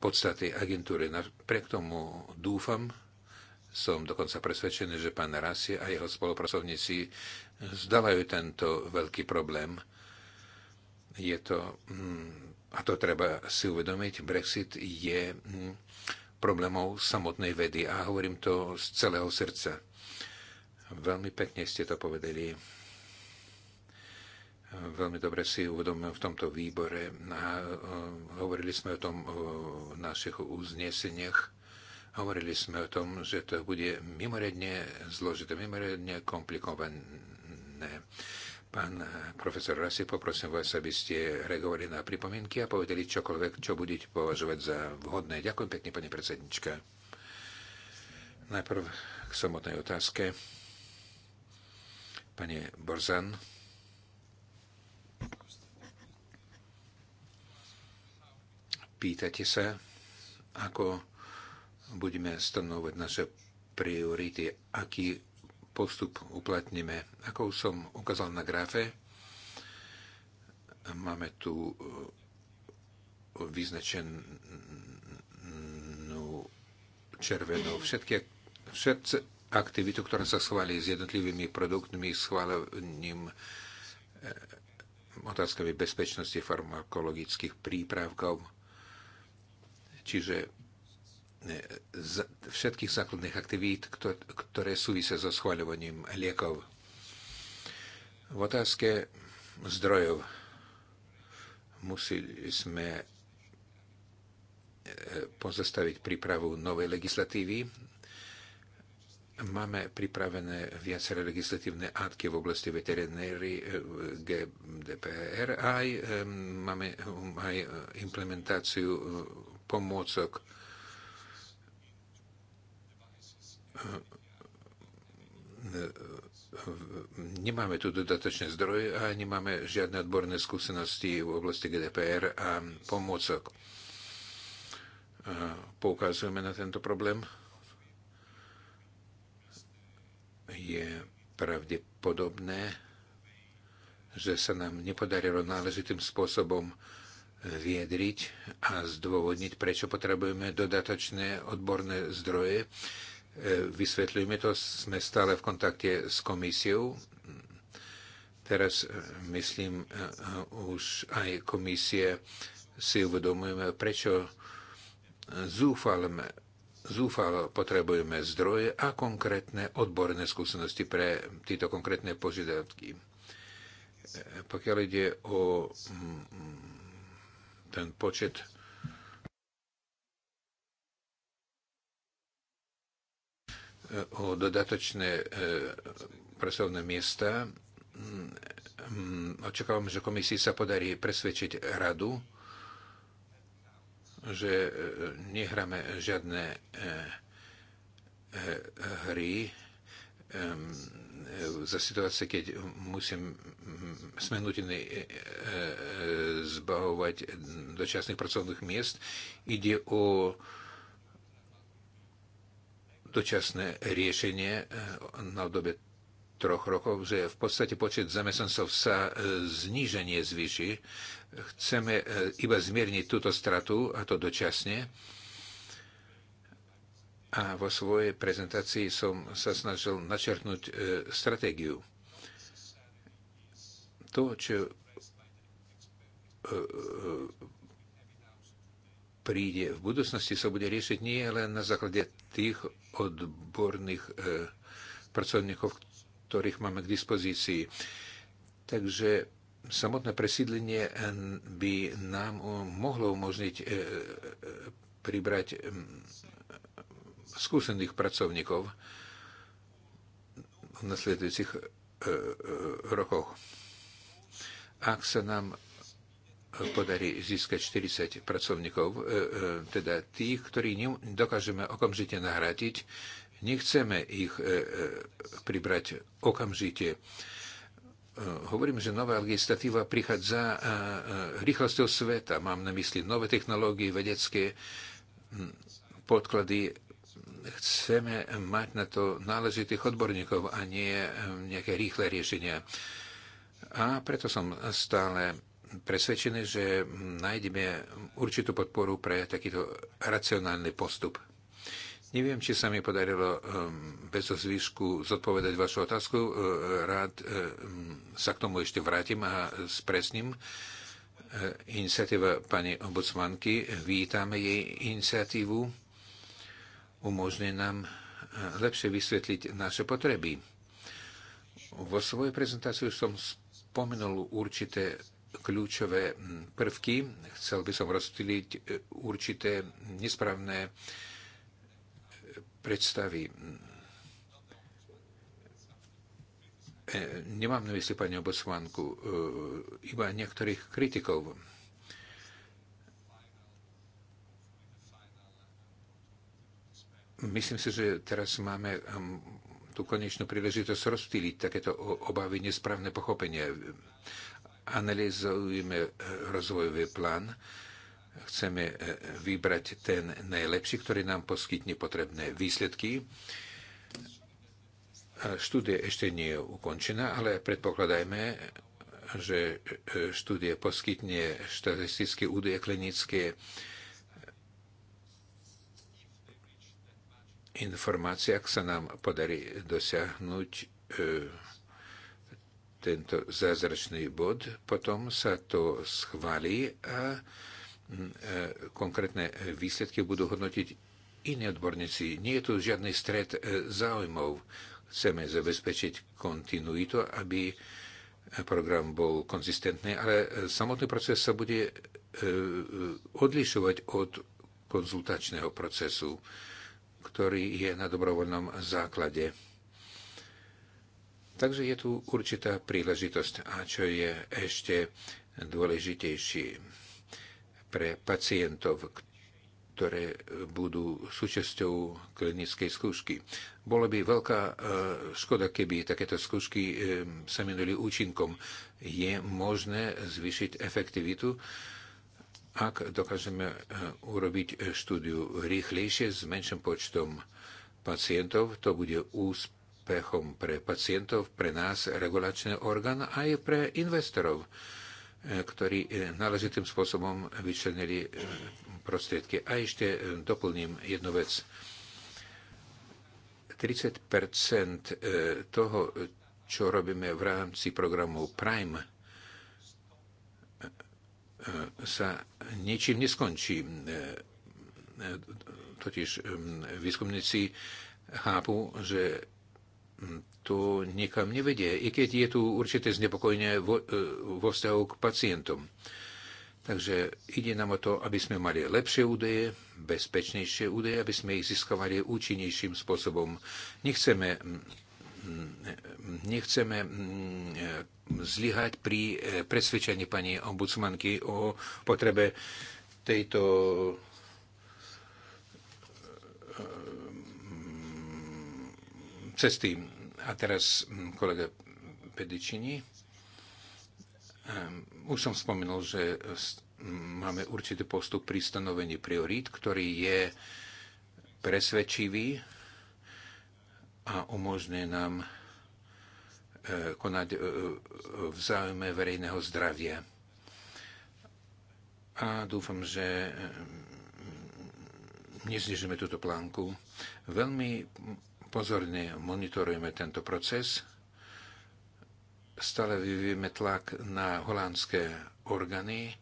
podstaty agentúry. Napriek no, tomu dúfam, som dokonca presvedčený, že pán Rasie a jeho spolupracovníci zdávajú tento veľký problém. Je to, mm, a to treba si uvedomiť, Brexit je mm, problémov samotnej vedy a hovorím to z celého srdca. Veľmi pekne ste to povedali. Veľmi dobre si uvedomujem v tomto výbore. A e, hovorili sme o tom v našich uzneseniach. Hovorili sme o tom, že to bude mimoriadne zložité, mimoriadne komplikované potrebné. Pán eh, profesor Rasi, poprosím vás, aby ste reagovali na pripomienky a povedali čokoľvek, čo budete považovať za vhodné. Ďakujem pekne, pani predsednička. Najprv k samotnej otázke. Pane Borzan. Pýtate sa, ako budeme stanovať naše priority, aký postup uplatníme. Ako už som ukázal na grafe, máme tu e, vyznačenú červenou všetky, všetce aktivitu, ktoré sa schváli s jednotlivými produktmi, schválením e, otázkami bezpečnosti farmakologických prípravkov. Čiže e, všetkých základných aktivít, ktoré súvisia so schváľovaním liekov. V otázke zdrojov museli sme e, pozastaviť prípravu novej legislatívy. Máme pripravené viaceré legislatívne átky v oblasti veterinéry e, GDPR a aj, e, máme aj implementáciu pomôcok nemáme tu dodatočné zdroje a nemáme žiadne odborné skúsenosti v oblasti GDPR a pomôcok. Poukazujeme na tento problém. Je pravdepodobné, že sa nám nepodarilo náležitým spôsobom viedriť a zdôvodniť, prečo potrebujeme dodatočné odborné zdroje E, Vysvetľujeme to, sme stále v kontakte s komisiou. Teraz, e, myslím, e, už aj komisie si uvedomujeme, prečo zúfalme, zúfalo potrebujeme zdroje a konkrétne odborné skúsenosti pre tieto konkrétne požiadavky. Pokiaľ ide o ten počet o dodatočné e, pracovné miesta. Mm, Očakávam, že komisii sa podarí presvedčiť radu, že e, nehráme žiadne e, hry za situácie, keď musím sme nutení zbavovať dočasných pracovných miest. Ide o dočasné riešenie eh, na obdobie troch rokov, že v podstate počet zamestnancov sa eh, zníže, nie zvýši. Chceme eh, iba zmierniť túto stratu, a to dočasne. A vo svojej prezentácii som sa snažil načrtnúť stratégiu. To, čo príde v budúcnosti, sa bude riešiť nie len na základe tých odborných e, pracovníkov, ktorých máme k dispozícii. Takže samotné presídlenie by nám mohlo umožniť e, e, pribrať e, skúsených pracovníkov v nasledujúcich e, e, rokoch. Ak sa nám Eh, podarí získať 40 pracovníkov, eh, eh, teda tých, ktorí dokážeme okamžite nahradiť. Nechceme ich pribrať okamžite. Hovorím, že nová legislatíva prichádza rýchlosťou sveta. Mám na mysli nové technológie, vedecké hm, podklady. Chceme mať na to náležitých odborníkov a nie nejaké rýchle riešenia. A preto som stále presvedčený, že nájdeme určitú podporu pre takýto racionálny postup. Neviem, či sa mi podarilo um, bez zvýšku zodpovedať vašu otázku. Uh, rád uh, sa k tomu ešte vrátim a spresním. Uh, iniciatíva pani ombudsmanky, vítame jej iniciatívu, umožní nám lepšie vysvetliť naše potreby. Vo svojej prezentácii som spomenul určité kľúčové mm, prvky. Chcel by som rozstýliť e, určité nesprávne e, predstavy. E, nemám na mysli pani obosmanku, iba niektorých kritikov. Myslím si, že teraz máme tú konečnú príležitosť rozstýliť takéto obavy, nesprávne pochopenie. Analizujeme eh, rozvojový plán, chceme eh, vybrať ten najlepší, ktorý nám poskytne potrebné výsledky. Štúdia ešte nie je ukončená, ale predpokladajme, že eh, štúdia poskytne štatistické údaje klinické informácie, ak sa nám podarí dosiahnuť tento zázračný bod, potom sa to schválí a e, konkrétne výsledky budú hodnotiť iní odborníci. Nie je tu žiadny stred e, záujmov. Chceme zabezpečiť kontinuitu, aby e, program bol konzistentný, ale samotný proces sa bude odlišovať od konzultačného procesu, ktorý je na dobrovoľnom základe Takže je tu určitá príležitosť. A čo je ešte dôležitejšie pre pacientov, ktoré budú súčasťou klinickej skúšky. Bolo by veľká e, škoda, keby takéto skúšky e, sa minuli účinkom. Je možné zvýšiť efektivitu, ak dokážeme e, urobiť štúdiu rýchlejšie s menším počtom pacientov. To bude úspešné úspechom pre pacientov, pre nás, regulačný orgán, aj pre investorov, e, ktorí e, náležitým spôsobom vyčlenili e, prostriedky. A ešte doplním jednu vec. 30 toho, čo robíme v rámci programu Prime, sa ničím neskončí. Totiž výskumníci chápu, že to nikam nevedie, i keď je tu určité znepokojenie vo, e, vo vzťahu k pacientom. Takže ide nám o to, aby sme mali lepšie údaje, bezpečnejšie údaje, aby sme ich získavali účinnejším spôsobom. Nechceme, nechceme zlyhať pri e, presvedčení pani ombudsmanky o potrebe tejto e, cesty a teraz mm, kolega Pedičini. Ehm, už som spomenul, že e, máme určitý postup pri stanovení priorít, ktorý je presvedčivý a umožňuje nám e, konať e, v záujme verejného zdravia. A dúfam, že neznižíme túto plánku. Veľmi pozorne monitorujeme tento proces. Stále vyvíjeme tlak na holandské orgány.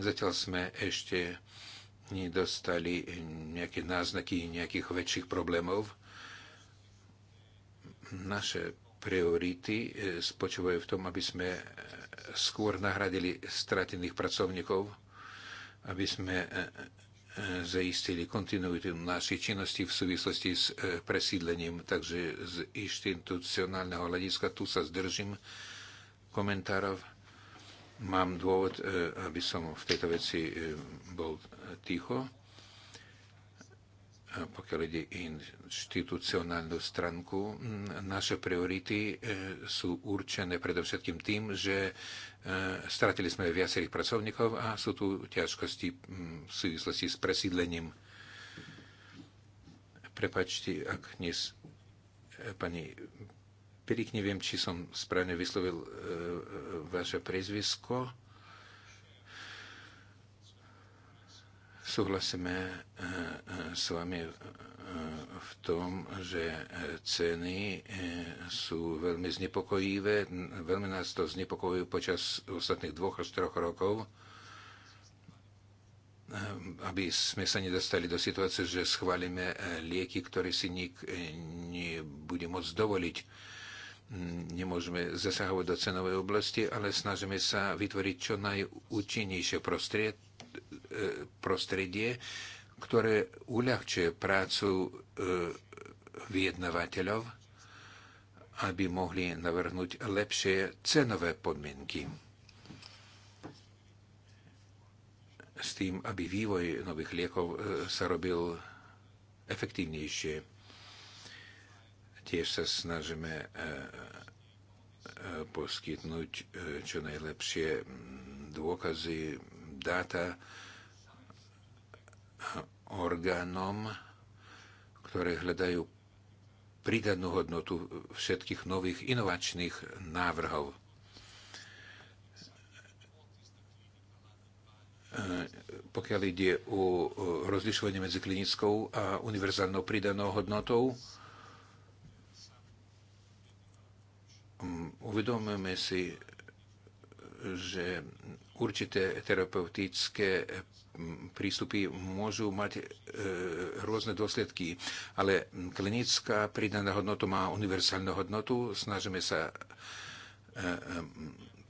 Zatiaľ sme ešte nedostali nejaké náznaky nejakých väčších problémov. Naše priority e, spočívajú v tom, aby sme skôr nahradili stratených pracovníkov, aby sme e, E, zaistili kontinuitu našej činnosti v súvislosti s e, presídlením. Takže z inštitucionálneho hľadiska tu sa zdržím komentárov. Mám dôvod, e, aby som v tejto veci bol ticho pokiaľ ide inštitucionálnu stránku, naše priority e, sú určené predovšetkým tým, že e, stratili sme viacerých pracovníkov a sú tu ťažkosti v súvislosti s presídlením. Prepačte, ak dnes e, pani Pirik, neviem, či som správne vyslovil vaše prezvisko. Súhlasíme eh, eh, s vami eh, v tom, že ceny sú veľmi znepokojivé. Veľmi nás to znepokojujú počas ostatných dvoch až troch rokov aby sme sa nedostali do situácie, že schválime lieky, ktoré si nik nebude môcť dovoliť. Mm, nemôžeme zasahovať do cenovej oblasti, ale snažíme sa vytvoriť čo najúčinnejšie prostried, E, prostredie, ktoré uľahčuje prácu e, vyjednavateľov, aby mohli navrhnúť lepšie cenové podmienky. S tým, aby vývoj nových liekov e, sa robil efektívnejšie. Tiež sa snažíme poskytnúť čo najlepšie dôkazy dáta orgánom, ktoré hľadajú pridanú hodnotu všetkých nových inovačných návrhov. Pokiaľ ide o rozlišovanie medzi klinickou a univerzálnou pridanou hodnotou, uvedomujeme si, že určité terapeutické prístupy môžu mať e, rôzne dôsledky, ale klinická pridaná hodnota má univerzálnu hodnotu. Snažíme sa e, e,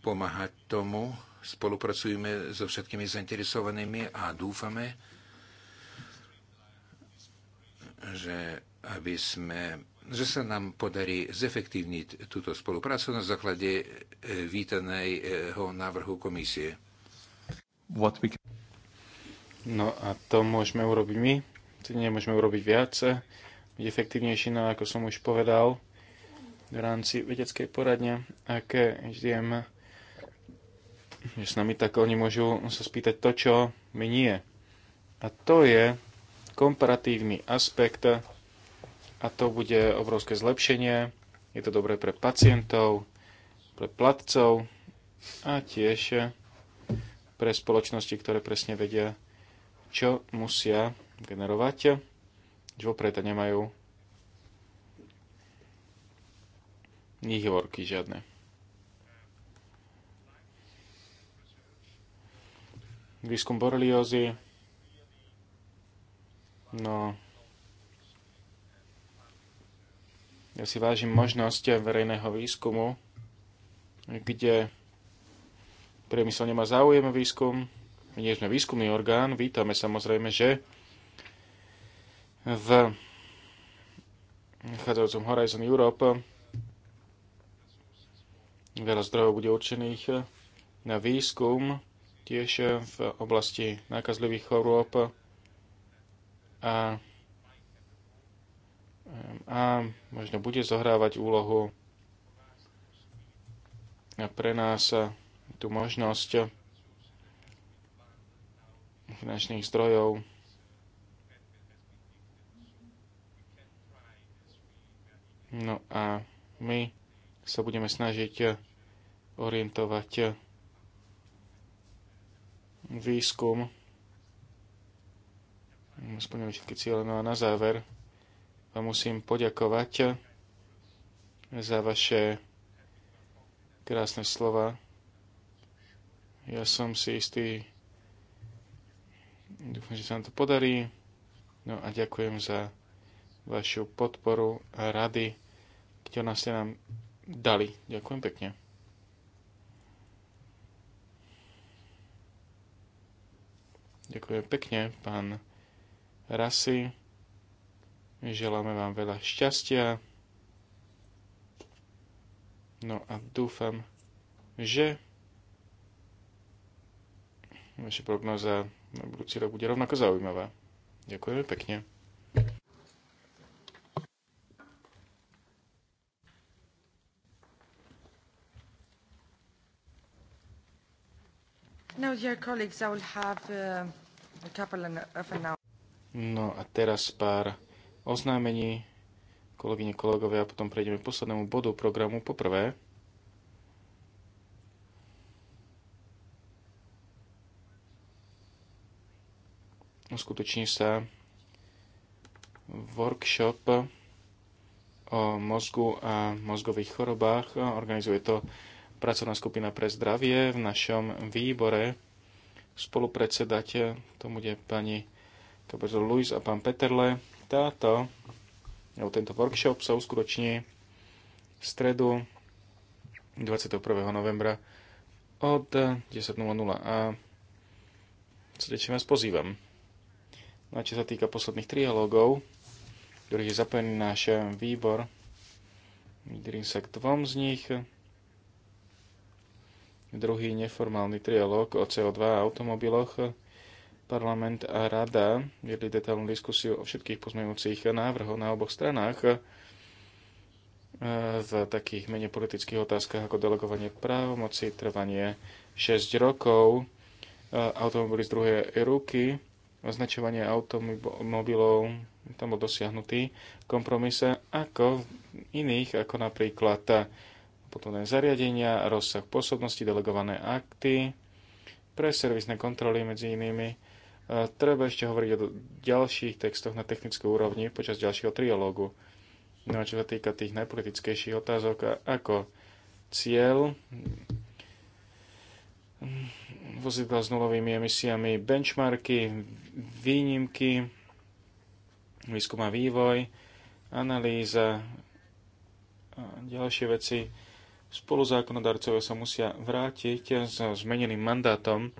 pomáhať tomu, spolupracujeme so všetkými zainteresovanými a dúfame, že aby sme že sa nám podarí zefektívniť túto spoluprácu na základe e, vítaného návrhu komisie. No a to môžeme urobiť my. Nemôžeme urobiť viac. Byť efektívnejší, no ako som už povedal, v rámci vedeckej poradne, aké ždiem, že s nami tak oni môžu sa spýtať to, čo my nie. A to je komparatívny aspekt a to bude obrovské zlepšenie. Je to dobré pre pacientov, pre platcov a tiež pre spoločnosti, ktoré presne vedia, čo musia generovať, že vopred nemajú výhovorky žiadne. Výskum boreliozy. No, Ja si vážim možnosť verejného výskumu, kde priemysel nemá záujem o výskum. My nie sme výskumný orgán, vítame samozrejme, že v nachádzajúcom Horizon Europe veľa zdrojov bude určených na výskum tiež v oblasti nákazlivých chorôb a a možno bude zohrávať úlohu a pre nás tú možnosť finančných zdrojov No a my sa budeme snažiť orientovať výskum. Splnili všetky cieľe. No a na záver vám musím poďakovať za vaše krásne slova. Ja som si istý, dúfam, že sa vám to podarí. No a ďakujem za vašu podporu a rady, ktoré ste nám dali. Ďakujem pekne. Ďakujem pekne, pán Rasi. Želáme vám veľa šťastia. No a dúfam, že vaša prognoza na budúci rok bude rovnako zaujímavá. Ďakujeme pekne. No, have, uh, no a teraz pár oznámení. Kolegyne, kolegovia, a potom prejdeme k poslednému bodu programu. Poprvé, uskutoční sa workshop o mozgu a mozgových chorobách. Organizuje to pracovná skupina pre zdravie v našom výbore. Spolupredsedateľ, to bude pani Kabezo Luis a pán Peterle. Táto, alebo tento workshop sa uskutoční v stredu 21. novembra od 10.00 a srdečne vás pozývam. No a čo sa týka posledných trialógov, ktorých je zapojený náš výbor, vydrím sa k dvom z nich. Druhý neformálny trialóg o CO2 a automobiloch Parlament a Rada viedli detailnú diskusiu o všetkých pozmeňujúcich návrhoch na oboch stranách e, v takých menej politických otázkach ako delegovanie právomoci, trvanie 6 rokov, e, automobily z druhej ruky, označovanie automobilov, tam bol dosiahnutý kompromis, ako iných, ako napríklad potomné zariadenia, rozsah pôsobnosti, delegované akty, pre servisné kontroly medzi inými Treba ešte hovoriť o ďalších textoch na technickej úrovni počas ďalšieho trialógu. No a čo sa týka tých najpolitickejších otázok, ako cieľ vozidla s nulovými emisiami, benchmarky, výnimky, výskum a vývoj, analýza a ďalšie veci. Spoluzákonodarcovia sa musia vrátiť s zmeneným mandátom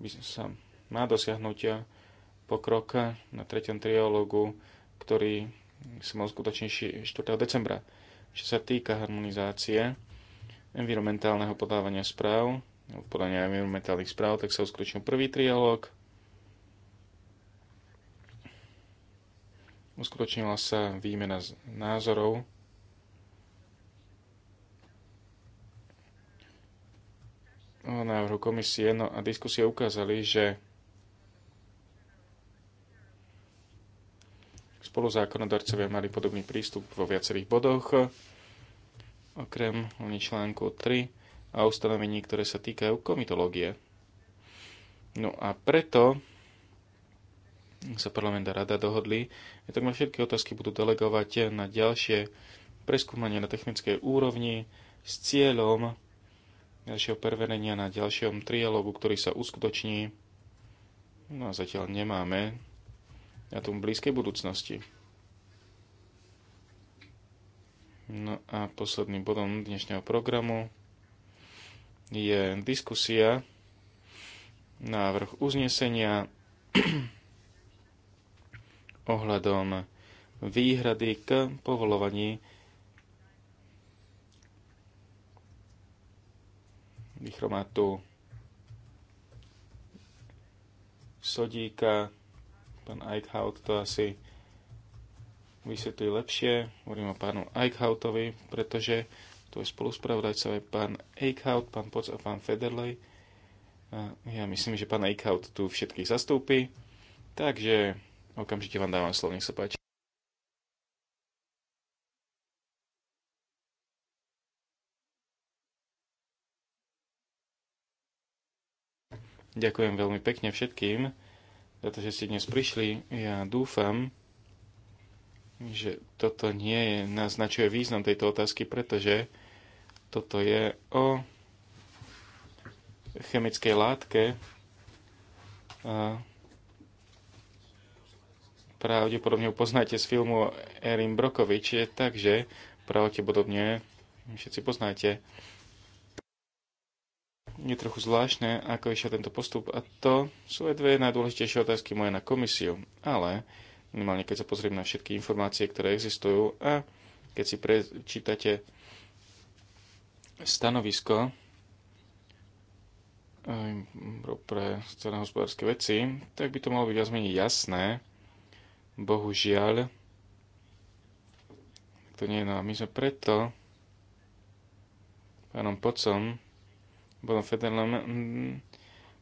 by sa má dosiahnutia pokrok na treťom triológu, ktorý sa mal skutočne 4. decembra. Čo sa týka harmonizácie environmentálneho podávania správ, podania environmentálnych správ, tak sa uskutočnil prvý trialog, Uskutočnila sa výmena názorov komisie. No a diskusie ukázali, že spoluzákonodarcovia mali podobný prístup vo viacerých bodoch, okrem článku 3 a ustanovení, ktoré sa týkajú komitológie. No a preto sa parlament a rada dohodli, že takmer všetky otázky budú delegovať na ďalšie preskúmanie na technickej úrovni s cieľom ďalšieho preverenia na ďalšom trialogu, ktorý sa uskutoční. No a zatiaľ nemáme na tom blízkej budúcnosti. No a posledným bodom dnešného programu je diskusia, návrh uznesenia ohľadom výhrady k povolovaní dichromatu sodíka. Pán Eichhout to asi vysvetlí lepšie. Hovorím o pánu Eichhoutovi, pretože tu je spoluspravodajca je pán Eichhout, pán Poc a pán Federley. ja myslím, že pán Eichhout tu všetkých zastúpi. Takže okamžite vám dávam slovník sa páči. Ďakujem veľmi pekne všetkým za to, že ste dnes prišli. Ja dúfam, že toto nie je, naznačuje význam tejto otázky, pretože toto je o chemickej látke, pravdepodobne ju poznáte z filmu Erin Brokovič, takže pravdepodobne všetci poznáte je trochu zvláštne, ako išiel tento postup a to sú aj dve najdôležitejšie otázky moje na komisiu. Ale minimálne keď sa pozriem na všetky informácie, ktoré existujú a keď si prečítate stanovisko pre celé hospodárske veci, tak by to malo byť viac menej jasné. Bohužiaľ, to nie je, no a my sme preto pánom Pocom potom Federlem mm,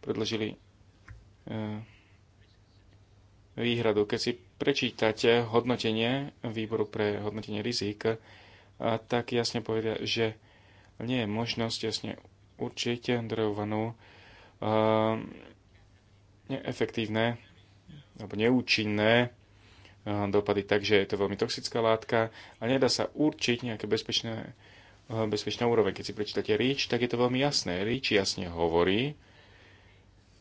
predložili e, výhradu. Keď si prečítate hodnotenie výboru pre hodnotenie rizik, e, tak jasne povedia, že nie je možnosť jasne určiť drevovanú e, neefektívne alebo neúčinné dopady. Takže je to veľmi toxická látka a nedá sa určiť nejaké bezpečné Eh, bezpečná úroveň. Keď si prečítate REACH, tak je to veľmi jasné. REACH jasne hovorí,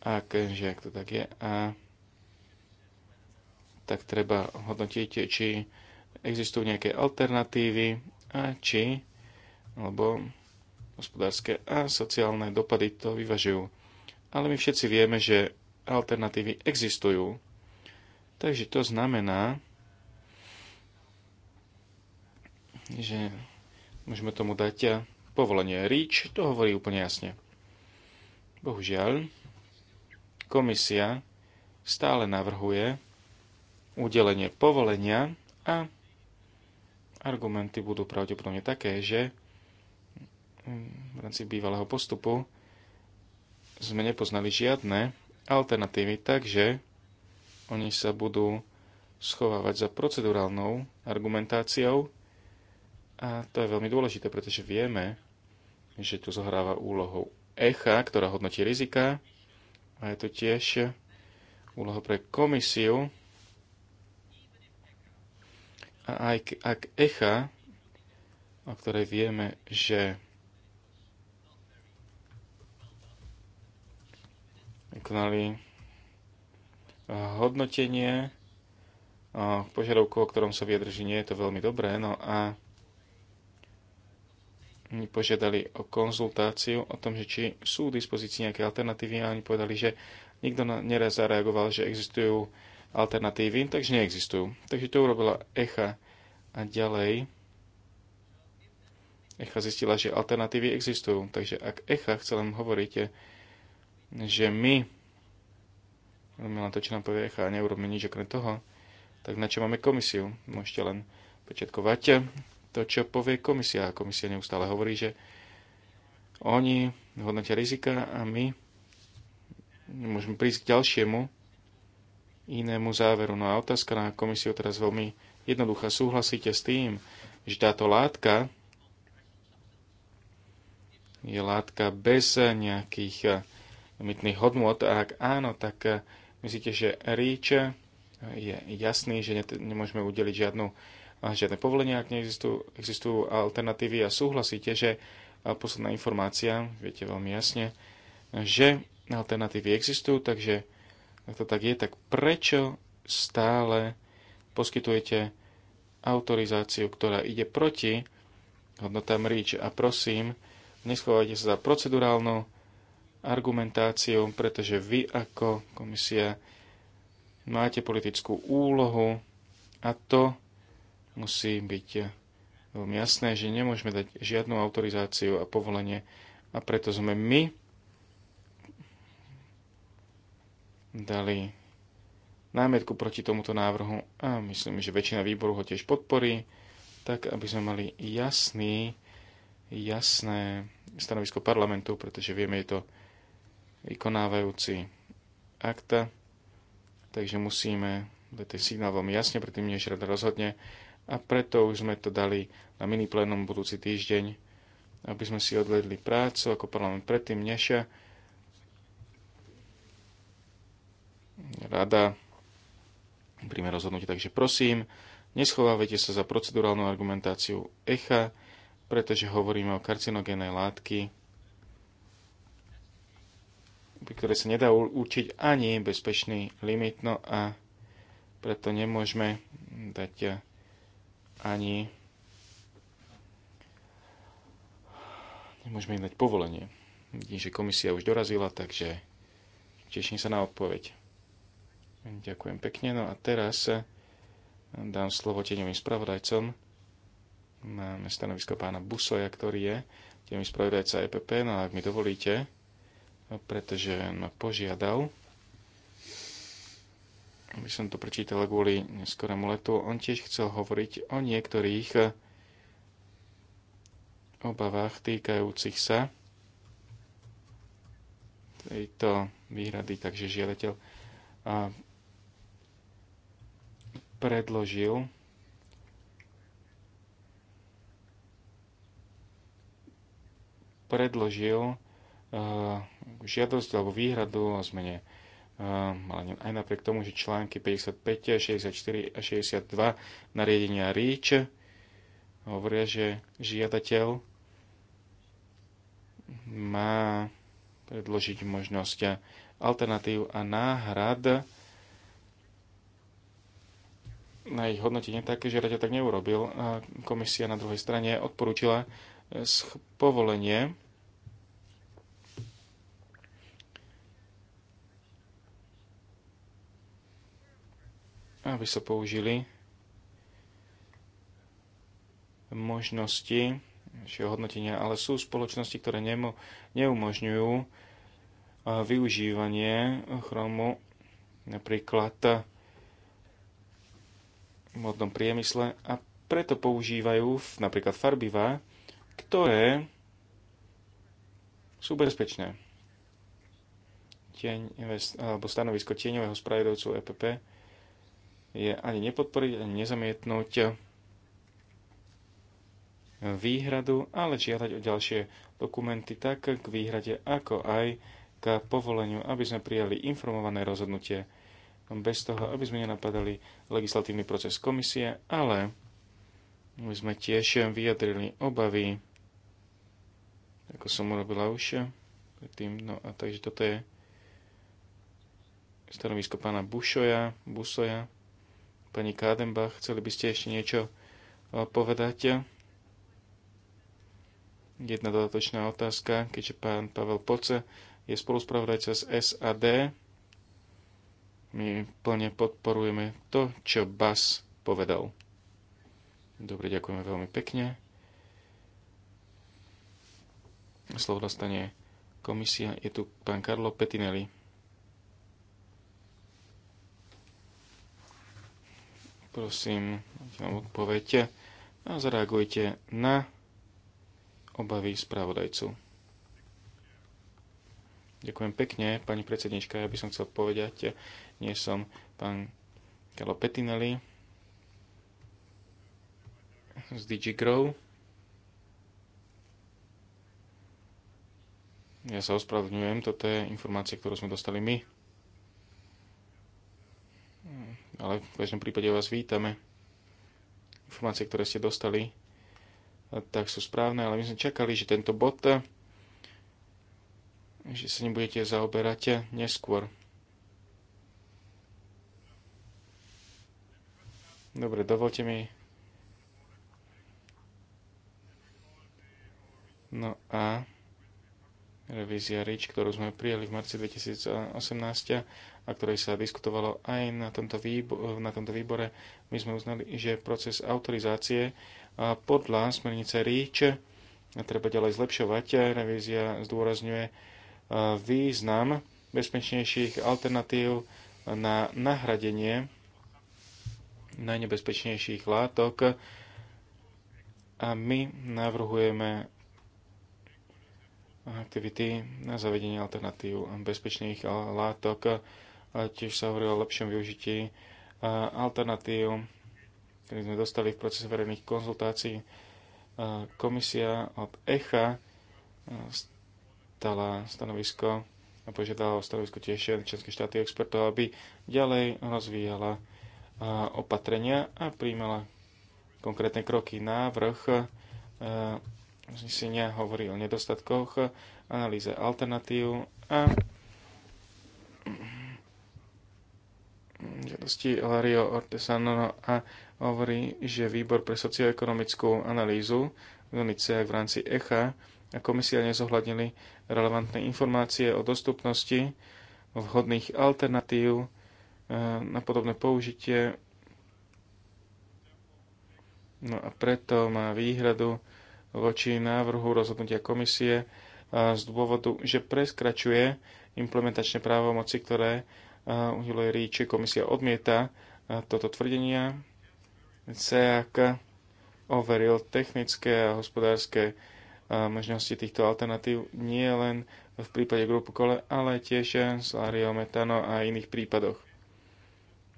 ak, že ak to tak je, a tak treba hodnotiť, či existujú nejaké alternatívy a či, alebo hospodárske a sociálne dopady to vyvažujú. Ale my všetci vieme, že alternatívy existujú. Takže to znamená, že Môžeme tomu dať eh, povolenie REACH, to hovorí úplne jasne. Bohužiaľ, komisia stále navrhuje udelenie povolenia a argumenty budú pravdepodobne také, že hm, v rámci bývalého postupu sme nepoznali žiadne alternatívy, takže oni sa budú schovávať za procedurálnou argumentáciou a to je veľmi dôležité, pretože vieme, že tu zohráva úlohu ECHA, ktorá hodnotí rizika. A je to tiež úloha pre komisiu. A aj ak ECHA, o ktorej vieme, že vykonali eh, hodnotenie eh, požiadavku, o ktorom sa vyjadrží, že nie je to veľmi dobré. No a mi požiadali o konzultáciu o tom, že či sú v dispozícii nejaké alternatívy a oni povedali, že nikto neraz zareagoval, že existujú alternatívy, takže neexistujú. Takže to urobila ECHA a ďalej ECHA zistila, že alternatívy existujú. Takže ak ECHA chce len hovoriť, že my robíme len to, čo nám povie ECHA a neurobíme nič okrem toho, tak na čo máme komisiu? Môžete len početkovať to, čo povie komisia. Komisia neustále hovorí, že oni hodnotia rizika a my môžeme prísť k ďalšiemu inému záveru. No a otázka na komisiu teraz veľmi jednoduchá. Súhlasíte s tým, že táto látka je látka bez nejakých limitných hodnot a ak áno, tak myslíte, že REACH je jasný, že nemôžeme udeliť žiadnu žiadne povolenia, ak neexistujú existujú alternatívy a súhlasíte, že posledná informácia, viete veľmi jasne, že alternatívy existujú, takže ak to tak je, tak prečo stále poskytujete autorizáciu, ktorá ide proti hodnotám REACH a prosím, neschovajte sa za procedurálnu argumentáciou, pretože vy ako komisia máte politickú úlohu a to musí byť eh, veľmi jasné, že nemôžeme dať žiadnu autorizáciu a povolenie a preto sme my dali námietku proti tomuto návrhu a myslím, že väčšina výboru ho tiež podporí, tak aby sme mali jasný, jasné stanovisko parlamentu, pretože vieme, je to vykonávajúci akta, takže musíme dať ten signál veľmi jasne, predtým než rada rozhodne, a preto už sme to dali na mini plénum budúci týždeň, aby sme si odvedli prácu ako parlament predtým, než rada príjme rozhodnutie. Takže prosím, neschovávajte sa za procedurálnu argumentáciu ECHA, pretože hovoríme o karcinogénej látky, pri ktorej sa nedá určiť ani bezpečný limit, no a preto nemôžeme dať ani nemôžeme im dať povolenie. Vidím, že komisia už dorazila, takže teším sa na odpoveď. Ďakujem pekne. No a teraz dám slovo teňovým spravodajcom. Máme stanovisko pána Busoja, ktorý je tieňový spravodajca EPP, no a ak mi dovolíte, pretože ma požiadal, aby som to prečítal kvôli neskorému letu, on tiež chcel hovoriť o niektorých obavách týkajúcich sa tejto výhrady, takže žiadateľ predložil predložil žiadosť alebo výhradu o zmene aj napriek tomu, že články 55, 64 a 62 nariadenia REACH hovoria, že žiadateľ má predložiť možnosť alternatív a náhrad na ich hodnotenie také, že radia tak neurobil. Komisia na druhej strane odporúčila povolenie aby sa použili možnosti hodnotenia, ale sú spoločnosti, ktoré nemo, neumožňujú využívanie chromu napríklad v modnom priemysle a preto používajú napríklad farbivá, ktoré sú bezpečné. Tieň, alebo stanovisko tieňového spravodajcu EPP je ani nepodporiť, ani nezamietnúť výhradu, ale žiadať o ďalšie dokumenty tak k výhrade, ako aj k povoleniu, aby sme prijali informované rozhodnutie bez toho, aby sme nenapadali legislatívny proces komisie, ale my sme tiež vyjadrili obavy, ako som urobila už predtým, no a takže toto je stanovisko pána Bušoja, Busoja, Pani Kádenbach, chceli by ste ešte niečo eh, povedať? Jedna dodatočná otázka, keďže pán Pavel Poce je spoluspravodajca z SAD. My plne podporujeme to, čo Bas povedal. Dobre, ďakujeme veľmi pekne. Slovo dostane komisia. Je tu pán Karlo Petinelli. Prosím, odpovedte a zareagujte na obavy spravodajcu. Ďakujem pekne, pani predsednička. Ja by som chcel povedať, nie som pán Kalo Petinelli z DigiGrow. Ja sa ospravedlňujem, toto je informácia, ktorú sme dostali my. ale v každom prípade vás vítame. Informácie, ktoré ste dostali, eh, tak sú správne, ale my sme čakali, že tento bod, eh, že sa nebudete zaoberať eh, neskôr. Dobre, dovolte mi. No a revízia RIČ, ktorú sme prijali v marci 2018 a ktorej sa diskutovalo aj na tomto, výbo- na tomto výbore, my sme uznali, že proces autorizácie podľa smernice REACH treba ďalej zlepšovať. Revízia zdôrazňuje význam bezpečnejších alternatív na nahradenie najnebezpečnejších látok a my navrhujeme aktivity na zavedenie alternatív bezpečných látok tiež sa hovorilo o lepšom využití e, alternatív, ktoré sme dostali v procese verejných konzultácií. E, komisia od ECHA e, stala stanovisko a požiadala o stanovisko tiež členské štáty expertov, aby ďalej rozvíjala opatrenia a príjmala konkrétne kroky. Návrh uznesenia hovorí o nedostatkoch, analýze alternatív a žiadosti Lario Ortesano a hovorí, že výbor pre socioekonomickú analýzu v v rámci ECHA a komisia nezohľadnili relevantné informácie o dostupnosti vhodných alternatív eh, na podobné použitie. No a preto má výhradu voči návrhu rozhodnutia komisie eh, z dôvodu, že preskračuje implementačné právomoci, ktoré u Hillary, či komisia odmieta toto tvrdenia. CAK overil technické a hospodárske možnosti týchto alternatív nie len v prípade grupu kole, ale tiež s metano a iných prípadoch.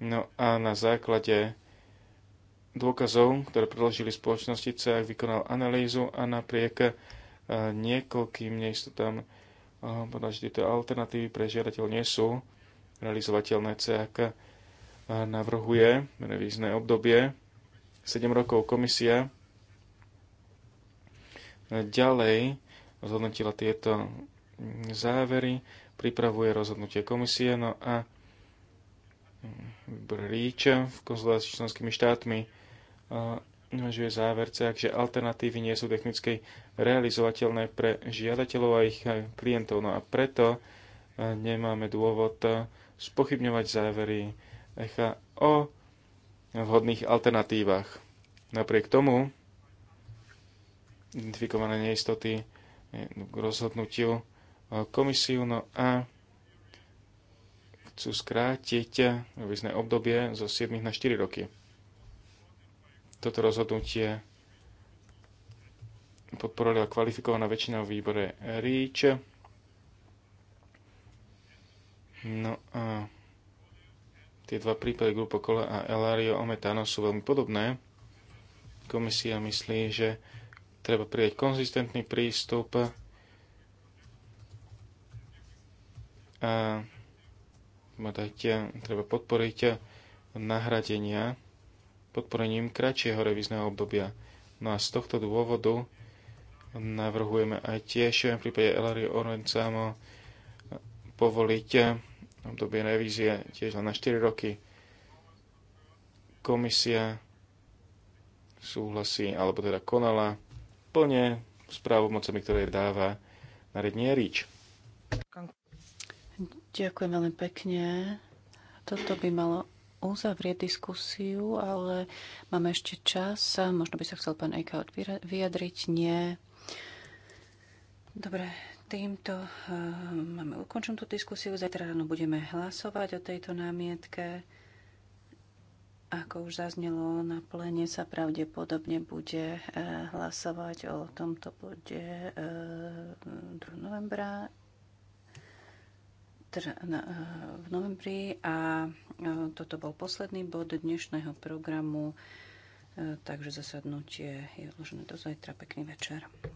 No a na základe dôkazov, ktoré predložili spoločnosti, CAK vykonal analýzu a napriek niekoľkým neistotám podľa, že tieto alternatívy pre žiadateľ nie sú realizovateľné CAK eh, navrhuje revízne obdobie 7 rokov komisia eh, ďalej zhodnotila tieto závery, pripravuje rozhodnutie komisie, no a mm, Ríča v konzultácii s členskými štátmi eh, uvažuje záver CAK, že alternatívy nie sú technicky realizovateľné pre žiadateľov a ich klientov. No a preto nemáme dôvod spochybňovať závery ECHA o vhodných alternatívach. Napriek tomu identifikované neistoty eh, k rozhodnutiu eh, komisiu no a chcú skrátiť eh, význe obdobie zo 7 na 4 roky. Toto rozhodnutie podporovala kvalifikovaná väčšina v výbore REACH No a tie dva prípady Grupokola a Elario Ometano sú veľmi podobné. Komisia myslí, že treba prijať konzistentný prístup a treba podporiť nahradenia podporením kratšieho revízneho obdobia. No a z tohto dôvodu navrhujeme aj tiež v prípade Elario Orencamo povoliť obdobie revízie tiež len na 4 roky. Komisia súhlasí, alebo teda konala plne s právomocami, ktoré dáva na rednie Ďakujem veľmi pekne. Toto by malo uzavrieť diskusiu, ale máme ešte čas. Možno by sa chcel pán Eichhout vyjadriť. Nie. Dobre, Týmto ehm, máme ukončenú tú diskusiu. Zajtra ráno budeme hlasovať o tejto námietke. Ako už zaznelo, na plene sa pravdepodobne bude eh, hlasovať o tomto bode 2. Eh, novembra eh, v novembri a toto bol posledný bod dnešného programu, takže zasadnutie je odložené do zajtra. Pekný večer.